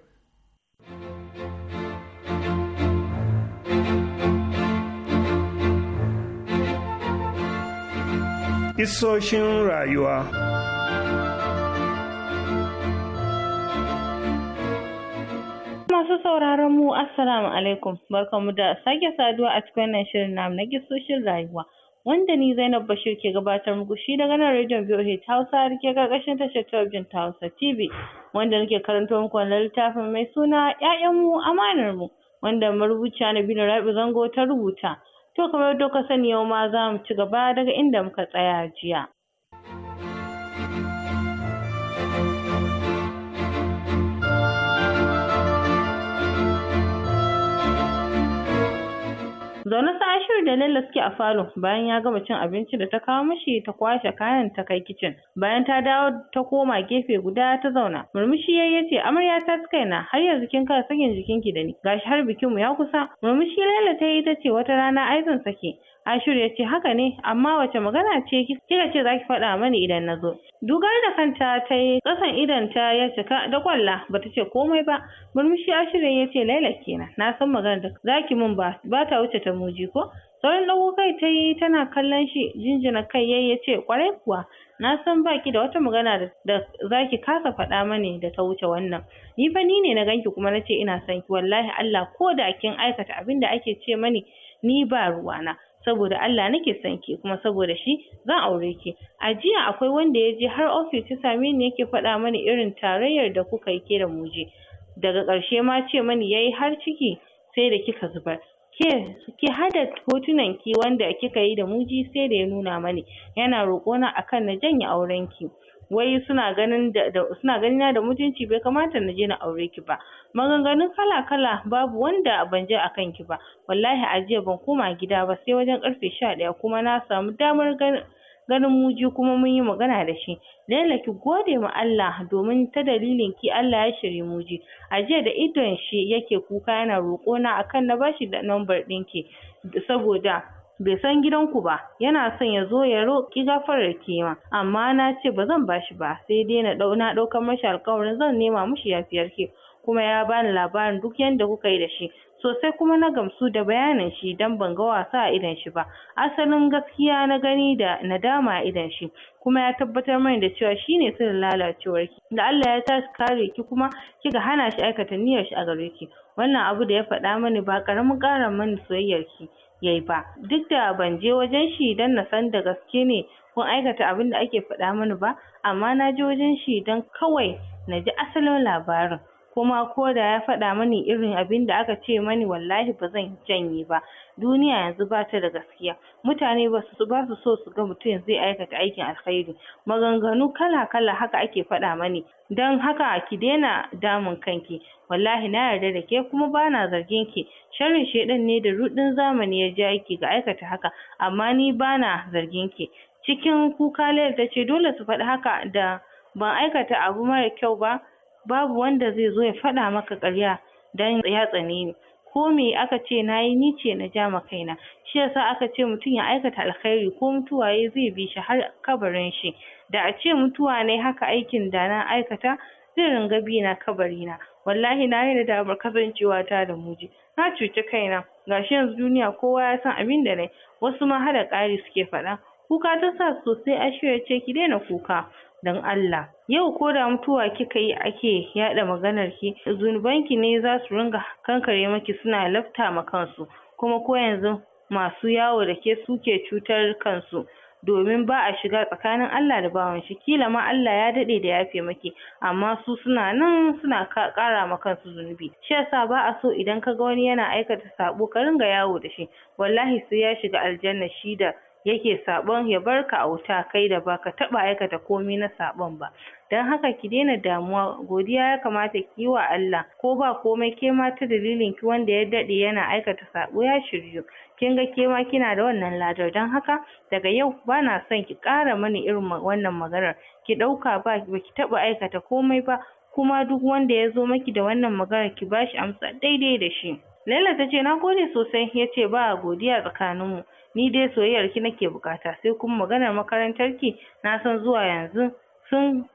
Isoshin rayuwa masu sauraron mu assalamu alaikum barkamu da sake saduwa a cikin wannan shirin namu na gisoshin rayuwa wanda ni Zainab Bashir ke gabatar muku shi daga nan rediyon ta Hausa rike karkashin tashar talabijin ta Hausa TV wanda nake karanto muku wannan littafin mai suna ‘Ya'yanmu amanar mu wanda marubuciya biyu Rabi Zango ta rubuta To kamar yadda sani yau ma za mu ci gaba daga inda muka tsaya jiya. Zaune sa Ashiru da Nella suke a falo bayan ya gama cin abinci da ta kawo mishi ta kwashe kayan ta kai kicin. Bayan ta dawo ta koma gefe guda ta zauna. Murmushi yayi yace amarya ta suka na har yanzu kin kara sakin jikinki da ni gashi har bikinmu ya kusa. Murmushi Laila ta yi ta ce wata rana ai zan sake. Ashiru ya ce haka ne amma wace magana ce kika ce za ki faɗa mani idan na zo. Dugar da kanta ta yi ƙasan ta ya cika da kwalla ta ce komai ba. Murmushi Ashiru ya ce Laila kenan na san magana da za ki min ba ba ta wuce ta muji ko. Sauran ɗago kai ta yi tana kallon shi jinjina kai yayi ya ce kwarai kuwa na san baki da wata magana da zaki kasa faɗa mani da ta wuce wannan ni fa ni ne na ganki kuma na ce ina son ki wallahi Allah ko da kin aikata abin da ake ce mani ni ba ruwana saboda Allah nake son ki kuma saboda shi zan aure ki a jiya akwai wanda ya je har ofis ya same ni yake faɗa mani irin tarayyar da kuka yi ke da muje daga ƙarshe ma ce mani yayi har ciki sai da kika zubar ke ki hada hotunan ki wanda kika yi da muji sai da ya nuna mani yana roƙona akan na janye auren ki wai suna ganin da suna ganina da mutunci bai kamata na je na aure ki ba Maganganun kala kala babu wanda ban je akan ki ba wallahi a jiya ban koma gida ba sai wajen karfe sha ɗaya kuma na samu damar ganin muji kuma mun yi magana da shi Laila ki gode ma Allah domin ta dalilin ki Allah ya shirya muji a jiya da idon shi yake kuka yana roƙona akan na bashi da lambar ɗinki saboda bai san gidanku ba yana son ya zo ya roƙi gafarar kima amma na ce ba zan bashi ba sai dai na ɗau na ɗaukar mashi alƙawarin zan nema mushi yafiyar ke kuma ya bani labarin duk yadda kuka yi da shi sosai kuma na gamsu da bayanin shi don ban ga wasa a idon shi ba asalin gaskiya na gani da nadama a idon shi kuma ya tabbatar mani da cewa shi ne sirrin lalacewar ki da Allah ya tashi kare ki kuma kika hana shi aikata niyyar shi a gare ki wannan abu da ya faɗa mani ba ƙaramin ƙara mani soyayyar ki yayi ba duk da ban je wajen shi don na san da gaske ne kun aikata abin da ake faɗa mani ba amma na je wajen shi don kawai na ji asalin labarin kuma ko da ya faɗa mani irin abin da aka ce mani wallahi ba zan janye ba duniya yanzu bata da gaskiya mutane basu so su ga mutum zai aikata aikin alkhairi maganganu kala kala haka ake faɗa mani dan haka ki daina damun kanki wallahi na yarda da ke kuma bana zargin ki sharrin shaiɗan ne da ruɗin zamani ya ja ki ga aikata haka amma ni bana zargin ki cikin kuka Laila tace dole su faɗi haka da ban aikata abu mara kyau ba babu wanda zai zo ya faɗa maka ƙarya dan ya tsane ni ko me aka ce nayi ni ce na ja ma kaina shi yasa aka ce mutum ya aikata alkhairi ko mutuwa yayi zai bi shi har kabarin shi da a ce mutuwa nayi haka aikin da na aikata zai ringa bi na kabari na wallahi nayi nadamar kasancewa ta da Muji na cuci kaina Ga shi yanzu duniya kowa ya san abin da nayi wasu ma har da ƙari suke faɗa kuka ta sa sosai Ashiru ya ce ki daina kuka don Allah yau ko da mutuwa kika yi ake yaɗa maganar ki zunuban ki ne zasu ringa kankare maki suna lafta ma kansu kuma ko yanzu masu yawo da ke suke cutar kansu domin ba a shiga tsakanin Allah da bawan shi kila ma Allah ya daɗe da yafe maki amma su suna nan suna ƙara ma kansu zunubi Shiyasa yasa ba a so idan kaga wani yana aikata saɓo ka ringa yawo da shi wallahi sai ya shiga aljanna shi da yake saɓon ya barka a wuta kai da baka taɓa aikata komai na saɓon ba don haka ki daina damuwa godiya ya kamata ki yi wa Allah ko ba komai ke ma ta dalilin ki wanda ya daɗe yana aikata saɓo ya shiryu kin ga ke ma kina da wannan ladar don haka daga yau bana son ki ƙara mani irin wannan maganar ki ɗauka ba baki taɓa aikata komai ba kuma duk wanda ya zo maki da wannan maganar ki bashi amsa daidai da shi. Laila ta ce na gode sosai ya ce ba godiya tsakaninmu ni dai soyayyar ki nake buƙata sai kuma maganar makarantar ki na san zuwa yanzu sun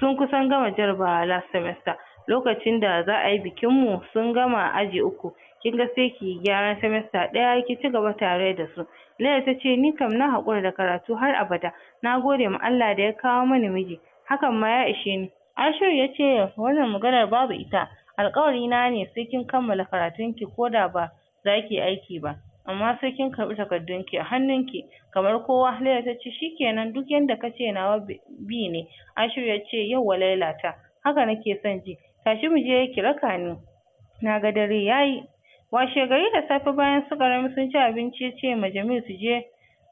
sun kusan gama jarabawa last semester lokacin da za a yi bikin mu sun gama aji uku kin ga sai ki gyaran semester ɗaya ki ci gaba tare da su Laila ta ce ni kam na haƙura da karatu har abada na gode ma Allah da ya kawo mani miji hakan ma ya ishe ni Ashiru ya ce wannan maganar babu ita alƙawari na ne sai kin kammala karatun ki ko da ba za ki yi aiki ba amma sai kin karɓi takardunki a hannunki kamar kowa Laila ta ce shikenan duk yanda kace nawa bi ne Ashiru ya ce yauwa Laila ta haka nake son ji tashi mu je ki raka ni na ga dare yayi washe gari da safe bayan su Karami sun ci abinci ya ce ma Jamil su je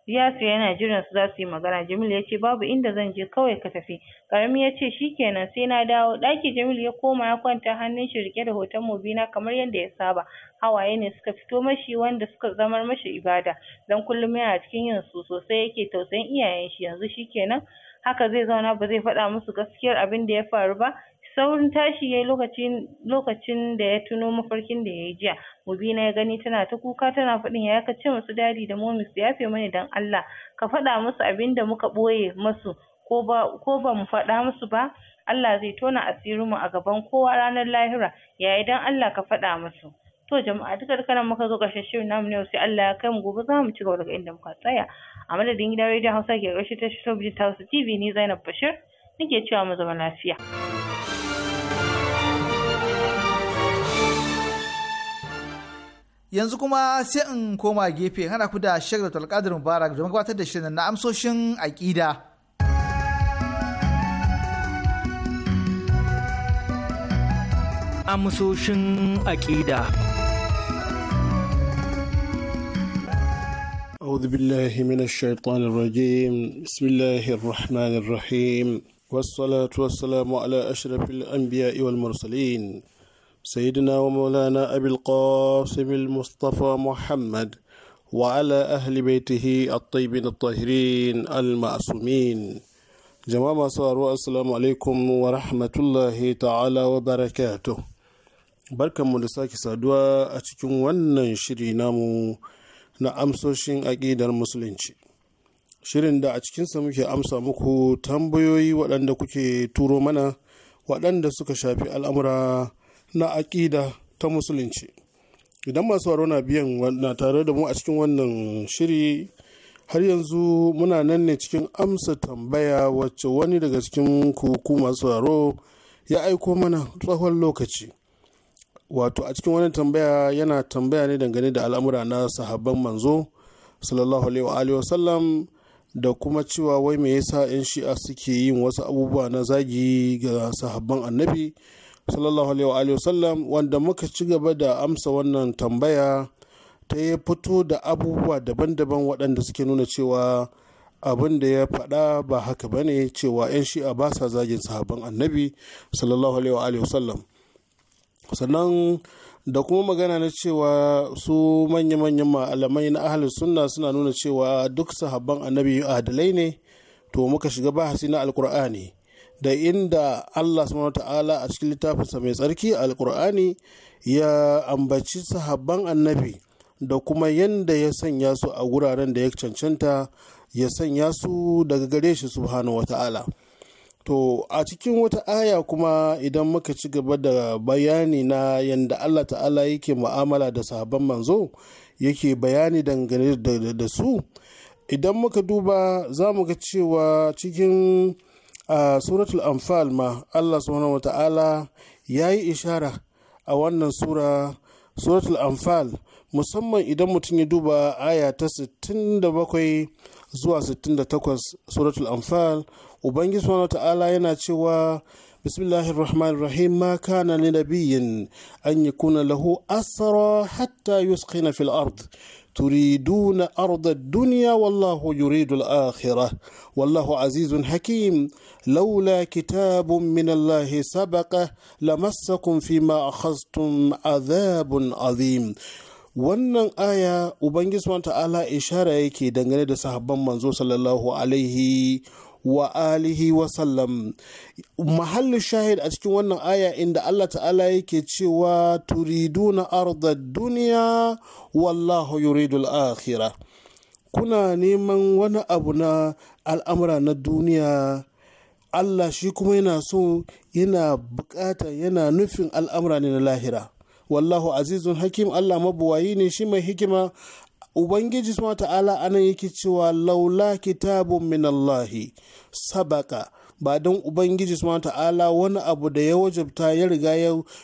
Siyasa yana jiran su za su yi magana. Jamilu ya ce babu inda zan je kawai ka tafi. Karami ya ce shikenan sai na dawo. Ɗaki Jamilu ya koma ya kwanta hannun shi rike da hoton Mubina kamar yadda ya saba. Hawaye ne suka fito mashi wanda suka zamar mashi ibada. Dan kullum yana cikin yin su sosai yake tausayin iyayen shi yanzu shikenan. Haka zai zauna ba zai faɗa musu gaskiyar abin da ya faru ba. saurin tashi yayi lokacin lokacin da ya tuno mafarkin da yayi jiya Mubina ya gani tana ta kuka tana faɗin yaya ce musu dadi da mummy su yafe mani dan Allah ka faɗa musu abinda muka ɓoye masu, ko ba ko bamu faɗa musu ba Allah zai tona asirin mu a gaban kowa ranar lahira yayi dan Allah ka faɗa musu to jama'a duka duka nan muka zo ƙarshen shirin namu ne sai Allah ya kai mu gobe za mu ci gaba daga inda muka tsaya a madadin gidan rediyon Hausa ke ƙarshe ta ta TV ni Zainab Bashir nake cewa mu zama lafiya. yanzu kuma sai in koma gefe hana ku da Sheikh Dr. Mubarak don gabatar da shirin na amsoshin aƙida. Amsoshin aƙida. أعوذ بالله من الشيطان الرجيم بسم الله الرحمن الرحيم والصلاة والسلام على أشرف الأنبياء والمرسلين سيدنا ومولانا أبي القاسم المصطفى محمد وعلى أهل بيته الطيبين الطاهرين المعصومين جماعة صاروا السلام عليكم ورحمة الله تعالى وبركاته barkan mu da sake saduwa a cikin wannan shiri namu na amsoshin aƙidar musulunci shirin da a cikinsa muke amsa muku tambayoyi waɗanda kuke turo mana waɗanda suka shafi al'amura na aƙida ta musulunci idan masu waro na biyan na tare da mu a cikin wannan shiri har yanzu muna nan ne cikin amsa tambaya wacce wani daga cikin kuku masu waro ya aiko mana tsawon lokaci wato a cikin wani tambaya yana tambaya ne dangane da al'amura na sahabban manzo sallallahu alaihi wa sallam da kuma cewa wai me yasa 'yan shi'a suke yin wasu abubuwa na zagi ga sahabban annabi sallallahu alaihi wa sallam wanda muka ci gaba da amsa wannan tambaya ta yi fito da abubuwa daban-daban waɗanda suke nuna cewa abin da ya faɗa ba haka ba ne cewa 'yan shi'a ba sa zagin sahabban annabi sallallahu alaihi wa sallam sannan da kuma magana na cewa su manya-manyan malamai na ahalin sunna suna nuna cewa duk sahabban annabi adalai ne to muka shiga bahasi na alkur'ani da inda Allah subhanahu ta'ala a cikin littafinsa mai tsarki alkur'ani ya ambaci sahabban annabi da kuma yadda ya sanya su a wuraren da ya cancanta ya sanya su daga gare shi subhanahu wata'ala to a cikin wata aya kuma idan muka ci gaba da bayani na yadda Allah ta'ala yake mu'amala da sahabban manzo yake bayani dangane da su idan muka duba za mu ga cewa cikin a suratul anfal ma Allah subhanahu ta'ala ya yi ishara a wannan sura suratul anfal musamman idan mutum ya duba aya ta 67 zuwa 68 suratul anfal ubangiji subhanahu ta'ala yana cewa بسم الله الرحمن الرحيم ما كان لنبي أن يكون له أسرى حتى يسخن في الأرض na arda duniya wallahu yuridu al-akhirah wallahu azizun hakim laula kitabun min Allah sabaqa lamassakum fima akhadhtum adhabun azim wannan aya ubangiji subhanahu ta'ala ishara yake dangane da sahabban manzo sallallahu alaihi wa alihi wa sallam mahallin shahid a cikin wannan aya inda Allah ta'ala yake cewa turiduna arda duniya wallahu yuridul akhirah kuna neman wani abu na al'amura na duniya Allah shi kuma yana so yana bukata yana nufin al'amura ne na lahira wallahu azizun hakim Allah mabuwayi ne shi mai hikima ubangiji subhanahu ta'ala anan yake cewa laula kitabun min sabaka ba don ubangiji subhanahu ta'ala wani abu da ya wajabta ya riga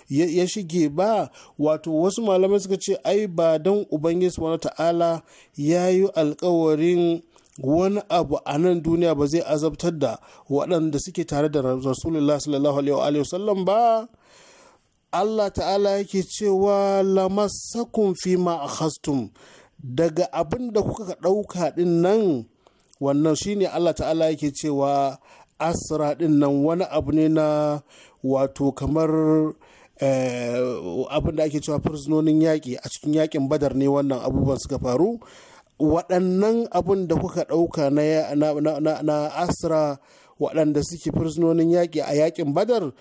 ya shige ba wato wasu malamai suka ce ai ba don ubangiji subhanahu ta'ala ya yi alkawarin wani abu a nan duniya ba zai azabtar da waɗanda suke tare da rasulullah sallallahu wasallam ba Allah ta'ala yake cewa lamassakun fi ma akhastum daga abin da kuka ɗauka ɗin nan wannan shine Allah ta'ala yake cewa asra ɗin nan wani abu ne na wato kamar eh, abin da ake cewa firzinonin yaƙi a cikin yaƙin badar ne wannan abubuwan suka faru waɗannan abin da kuka ɗauka na asra waɗanda suke firzinonin yaƙi a yaƙin badar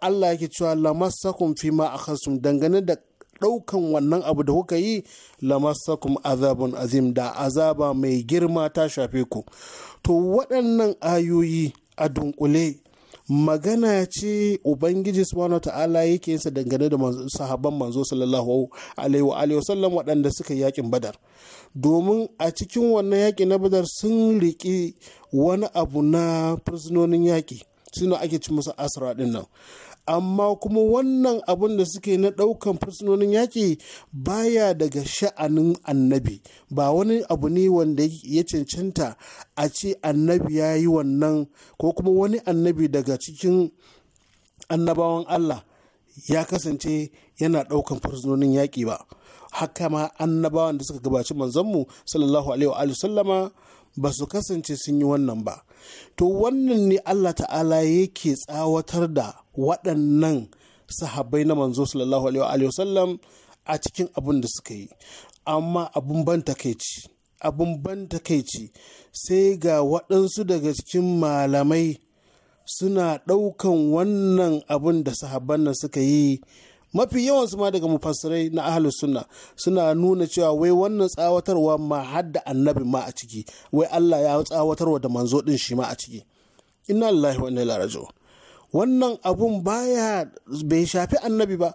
Allah yake cewa lamassakum fi ma akhasum dangane da ɗaukan wannan abu da kuka yi lamassakum azabun azim da azaba mai girma ta shafe ku to waɗannan ayoyi a dunkule magana ce ubangiji subhanahu ta'ala yake yinsa dangane da sahaban manzo sallallahu alaihi wa alihi wasallam waɗanda suka yi yakin badar domin a cikin wannan yaki na badar sun riƙi wani abu na fursunonin yaƙi suna ake ci musu asra ɗin nan amma kuma wannan abin da suke na ɗaukan fursunonin yaƙi baya daga sha'anin annabi ba wani abu ne wanda ya cancanta a ce annabi ya yi wannan ko kuma wani annabi daga cikin annabawan Allah ya kasance yana ɗaukan fursunonin yaƙi ba haka ma annabawan da suka gabaci manzanmu sallallahu alaihi wa sallama ba su kasance sun yi wannan ba to wannan ne Allah ta'ala yake tsawatar da waɗannan sahabbai na manzo sallallahu alaihi sallam a cikin abin da suka yi amma abin ban takeici abun ban takeici sai ga waɗansu daga cikin malamai suna ɗaukan wannan abin da sahabban nan suka yi mafi yawan ma daga mufassirai na ahlus sunna suna nuna cewa wai wannan tsawatarwa ma har da annabi ma a ciki wai Allah ya tsawatarwa da manzo din shi ma a ciki inna lillahi wa inna ilaihi raji'un wannan abun baya bai shafi annabi ba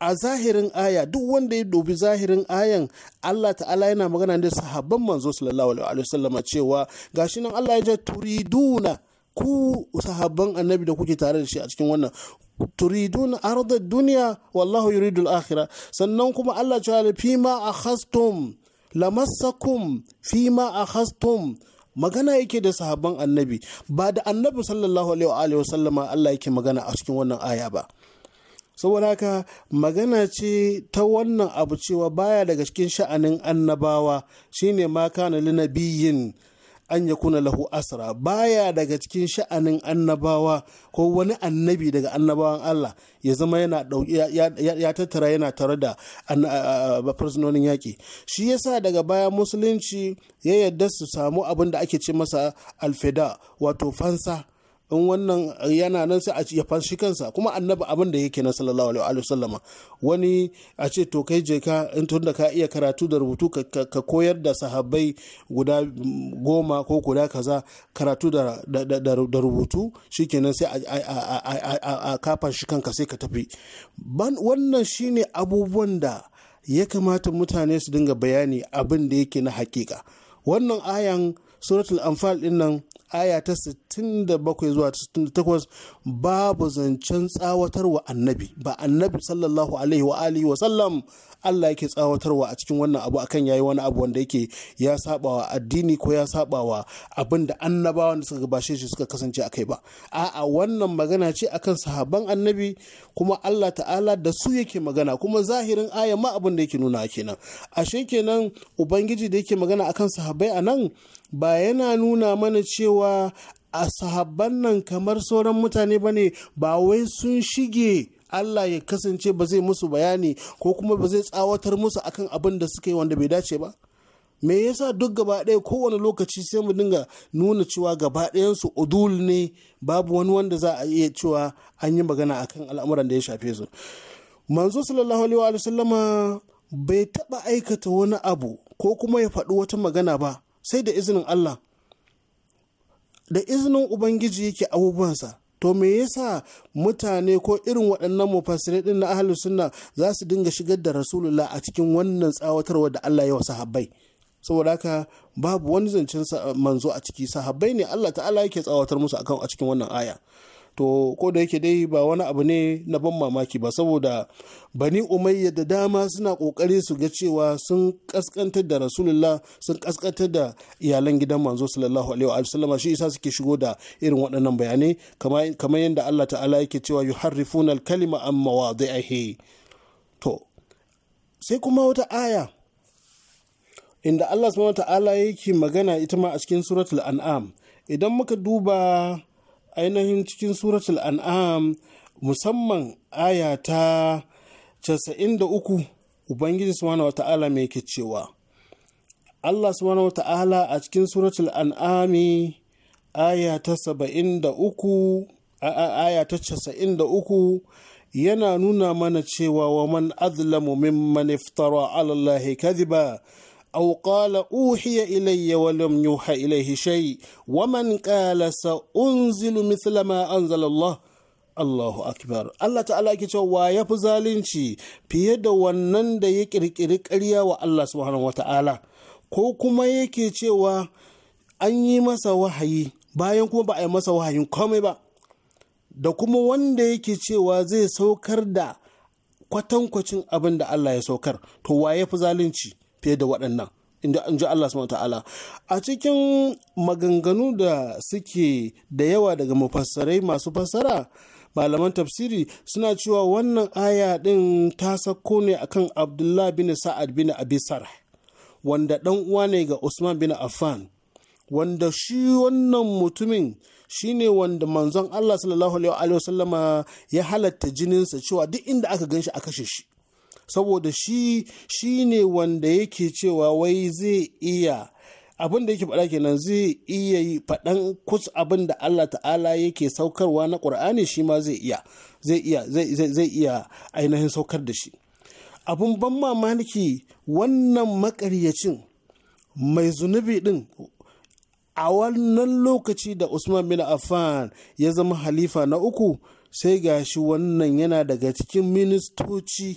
a zahirin aya duk wanda ya dubi zahirin ayan Allah ta'ala yana magana da sahabban manzo sallallahu alaihi wa sallam cewa gashi nan Allah ya ji turiduna ku sahabban annabi da kuke tare da shi a cikin wannan turidun arda duniya wallahu yuridul akhira sannan kuma Allah cewa fi ma akhastum lamassakum fi ma akhastum magana yake da sahabban annabi ba da annabi sallallahu alaihi wa sallama Allah yake magana a cikin wannan aya ba saboda haka magana ce ta wannan abu cewa baya daga cikin sha'anin annabawa shine ma kana linabiyin an ya kuna lahu asra baya daga cikin sha'anin annabawa ko wani annabi daga annabawan Allah ya zama yana ya tattara yana tare da fursunonin yaƙi shi yasa daga baya musulunci ya yarda su samu abin da ake ce masa alfida wato fansa in wannan yana nan sai a ya fashi kansa kuma annabi abin da yake na sallallahu alaihi wa sallama wani a ce to kai je ka in tun da ka iya karatu da rubutu ka koyar da sahabbai guda goma ko guda kaza karatu da rubutu shikenan sai a kafa shi kanka sai ka tafi wannan shine abubuwan da ya kamata mutane su dinga bayani abin da yake na hakika wannan ayan suratul anfal din aya ta 67 zuwa 68 babu zancen tsawatarwa annabi ba annabi sallallahu alaihi wa alihi wa sallam Allah yake tsawatarwa a cikin wannan abu akan yayi wani abu wanda yake ya sabawa addini ko ya sabawa abin da annabawan da suka gabashe shi suka kasance akai ba a'a wannan magana ce akan sahaban annabi kuma Allah ta'ala da su yake magana kuma zahirin aya ma abin da yake nuna kenan ashe kenan ubangiji da yake magana akan sahabbai a nan ba yana nuna mana cewa a sahabban nan kamar sauran mutane ba ne ba wai sun shige Allah ya kasance ba zai musu bayani ko kuma ba zai tsawatar musu akan abin da suka yi wanda bai dace ba me yasa duk gaba ɗaya kowane lokaci sai mu dinga nuna cewa gaba su udul ne babu wani wanda za a iya cewa an yi magana akan al'amuran da ya shafe su manzo sallallahu alaihi wa sallama bai taba aikata wani abu ko kuma ya faɗi wata magana ba sai da izinin Allah da izinin ubangiji yake abubuwansa to me yasa mutane ko irin waɗannan mufassirai din na ahli sunna za su dinga shigar da rasulullah a cikin wannan tsawatarwa da Allah ya wa sahabbai saboda haka babu wani zancen manzo a ciki sahabbai ne Allah ta'ala yake tsawatar musu akan a cikin wannan aya to ko da yake dai ba wani abu ne na ban mamaki ba saboda bani umayya da dama suna kokari su ga cewa sun kaskantar da rasulullah sun kaskantar da iyalan gidan manzo sallallahu alaihi wa sallama shi isa suke shigo da irin waɗannan bayanai kamar yadda Allah ta'ala yake cewa yuharrifuna al-kalima an mawadhi'ihi to sai kuma wata aya inda Allah subhanahu wa ta'ala yake magana ita ma a cikin suratul an'am idan muka duba ainihin cikin suratul an'am musamman aya ta 93 ubangiji subhanahu wata'ala mai ke cewa Allah subhanahu wata'ala a cikin suratul an'ami aya ta 73 aya ta 93 yana nuna mana cewa wa man azlamu mimman iftara ala Allah kadhiba أو قال أوحي إلي ولم يوحى إليه شيء ومن قال سأنزل مثل ما أنزل akbar Allah ta'ala ke cewa ya fi zalunci fiye da wannan da ya kirkiri ƙarya wa Allah subhanahu wa ko kuma yake cewa an yi masa wahayi bayan kuma ba a yi masa wahayi komai ba da kuma wanda yake cewa zai saukar da kwatankwacin abin da Allah ya saukar to wa ya fi zalunci fiye da waɗannan inda an ji Allah subhanahu ta'ala a cikin maganganu da suke da yawa daga mafassarai masu fassara malaman tafsiri suna cewa wannan aya din ta sako ne akan Abdullah bin Sa'ad bin Abi wanda dan uwa ne ga Usman bin Affan wanda shi wannan mutumin shine wanda manzon Allah sallallahu alaihi wasallama ya halatta jininsa cewa duk inda aka ganshi a kashe shi saboda shi shi ne wanda yake cewa wai zai iya abin da yake faɗa kenan zai iya yi faɗan kus abin da Allah ta'ala yake saukarwa na ƙur'ani shi ma zai iya zai iya zai iya ainihin saukar da shi abin ban mamaki wannan makaryacin mai zunubi ɗin a wannan lokaci da Usman bin Affan ya zama halifa na uku sai gashi wannan yana daga cikin ministoci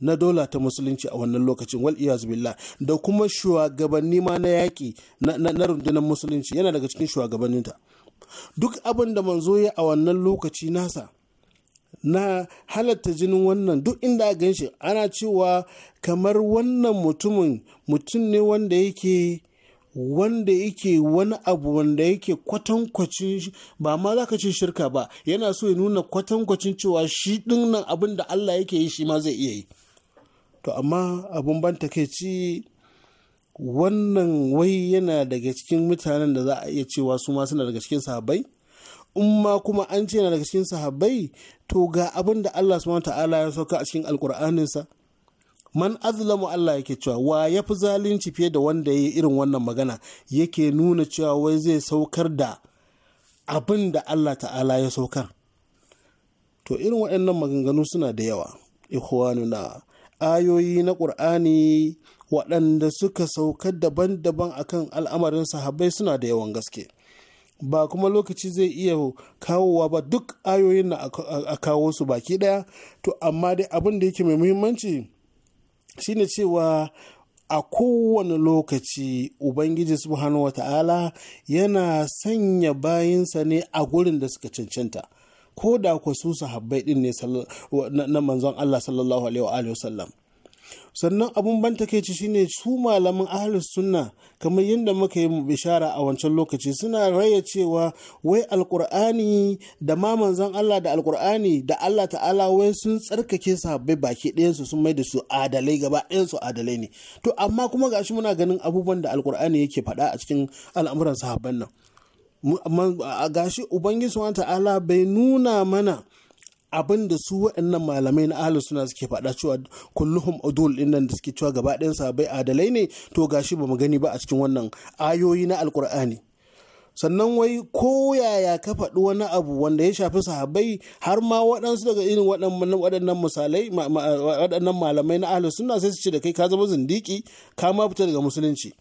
na dola ta musulunci a wannan lokacin wal billah da kuma shugabanni ma na yaƙi na rundunar musulunci yana daga cikin shugabanninta duk abin da manzo ya a wannan lokaci nasa na halatta jinin wannan duk inda a shi ana cewa kamar wannan mutumin mutum ne wanda yake wanda yake wani abu wanda yake kwatankwacin ba ma za ka ce shirka ba yana so ya nuna kwatankwacin cewa shi ɗin nan abin da Allah yake yi shi ma zai iya yi to amma abun ban takeici wannan wai yana daga cikin mutanen da za a iya cewa su ma suna daga cikin sahabbai in ma kuma an ce yana daga cikin sahabbai to ga abin da Allah subhanahu ta'ala ya sauka a cikin alkur'aninsa man azlamu Allah yake cewa wa ya fi zalunci fiye da wanda ya irin wannan magana yake nuna cewa wai zai saukar da abin da Allah ta'ala ya saukar to irin waɗannan maganganu suna da yawa ikhwanuna ayoyi na ƙur'ani waɗanda suka sauka daban-daban akan al'amarin sahabbai suna da yawan gaske ba kuma lokaci zai iya kawowa ba duk ayoyin na a kawo su baki ɗaya to amma dai abin da yake mai muhimmanci shine cewa a kowane lokaci ubangiji subhanahu wata'ala yana sanya bayinsa ne a gurin da suka cancanta ko da ku su sahabbai din ne na manzon Allah sallallahu alaihi wa wasallam sannan abun ban takeici shine su malaman ahlus sunna kamar yadda muka yi bishara a wancan lokaci suna raya cewa wai alkur'ani da ma manzon Allah da alkur'ani da Allah ta'ala wai sun tsarkake sahabbai baki ɗayansu sun mai da su adalai gaba ɗayansu adalai ne to amma kuma gashi muna ganin abubuwan da alkur'ani yake faɗa a cikin al'amuran sahabban nan gashi ubangiji subhanahu ta'ala bai nuna mana abin da su waɗannan malamai na ahalin suna suke faɗa cewa kulluhum udul dinnan da suke cewa gaba ɗayan sahabbai adalai ne to gashi ba mu gani ba a cikin wannan ayoyi na alkur'ani sannan wai ko yaya ka faɗi wani abu wanda ya shafi sahabbai har ma waɗansu daga irin waɗannan misalai waɗannan malamai na ahalin suna sai su ce da kai ka zama zindiki ka ma fita daga musulunci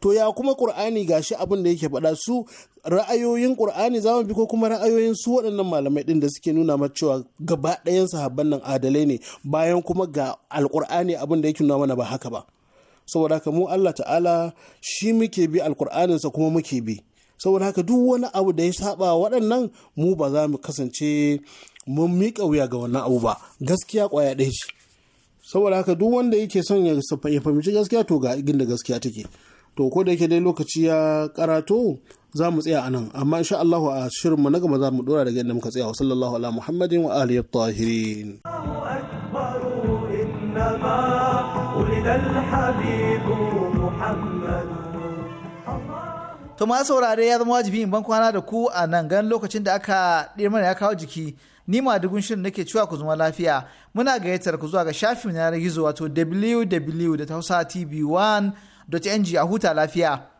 to ya kuma qur'ani gashi abin da yake faɗa su ra'ayoyin qur'ani zamu bi ko kuma ra'ayoyin su waɗannan malamai ɗin da suke nuna mata cewa gaba ɗayan sahabban nan adalai ne bayan kuma ga alqur'ani abin da yake nuna mana ba haka ba saboda haka mu Allah ta'ala shi muke bi sa kuma muke bi saboda haka duk wani abu da ya saba waɗannan mu ba za mu kasance mun miƙa wuya ga wannan abu ba gaskiya ƙwaya ɗaya ce saboda haka duk wanda yake son ya fahimci gaskiya to ga inda gaskiya take to ko da yake dai lokaci ya karato za mu tsaya anan amma insha Allah a shirin mu na gaba za mu dora daga inda muka tsaya wa sallallahu ala muhammadin wa alihi tahirin To ma saurare ya zama wajibi in ban kwana da ku a nan gan lokacin da aka mana ya kawo jiki ni ma dugun shirin nake cewa ku zama lafiya muna gayyatar ku zuwa ga shafin yanar gizo wato TV 1 dutch ng a huta lafiya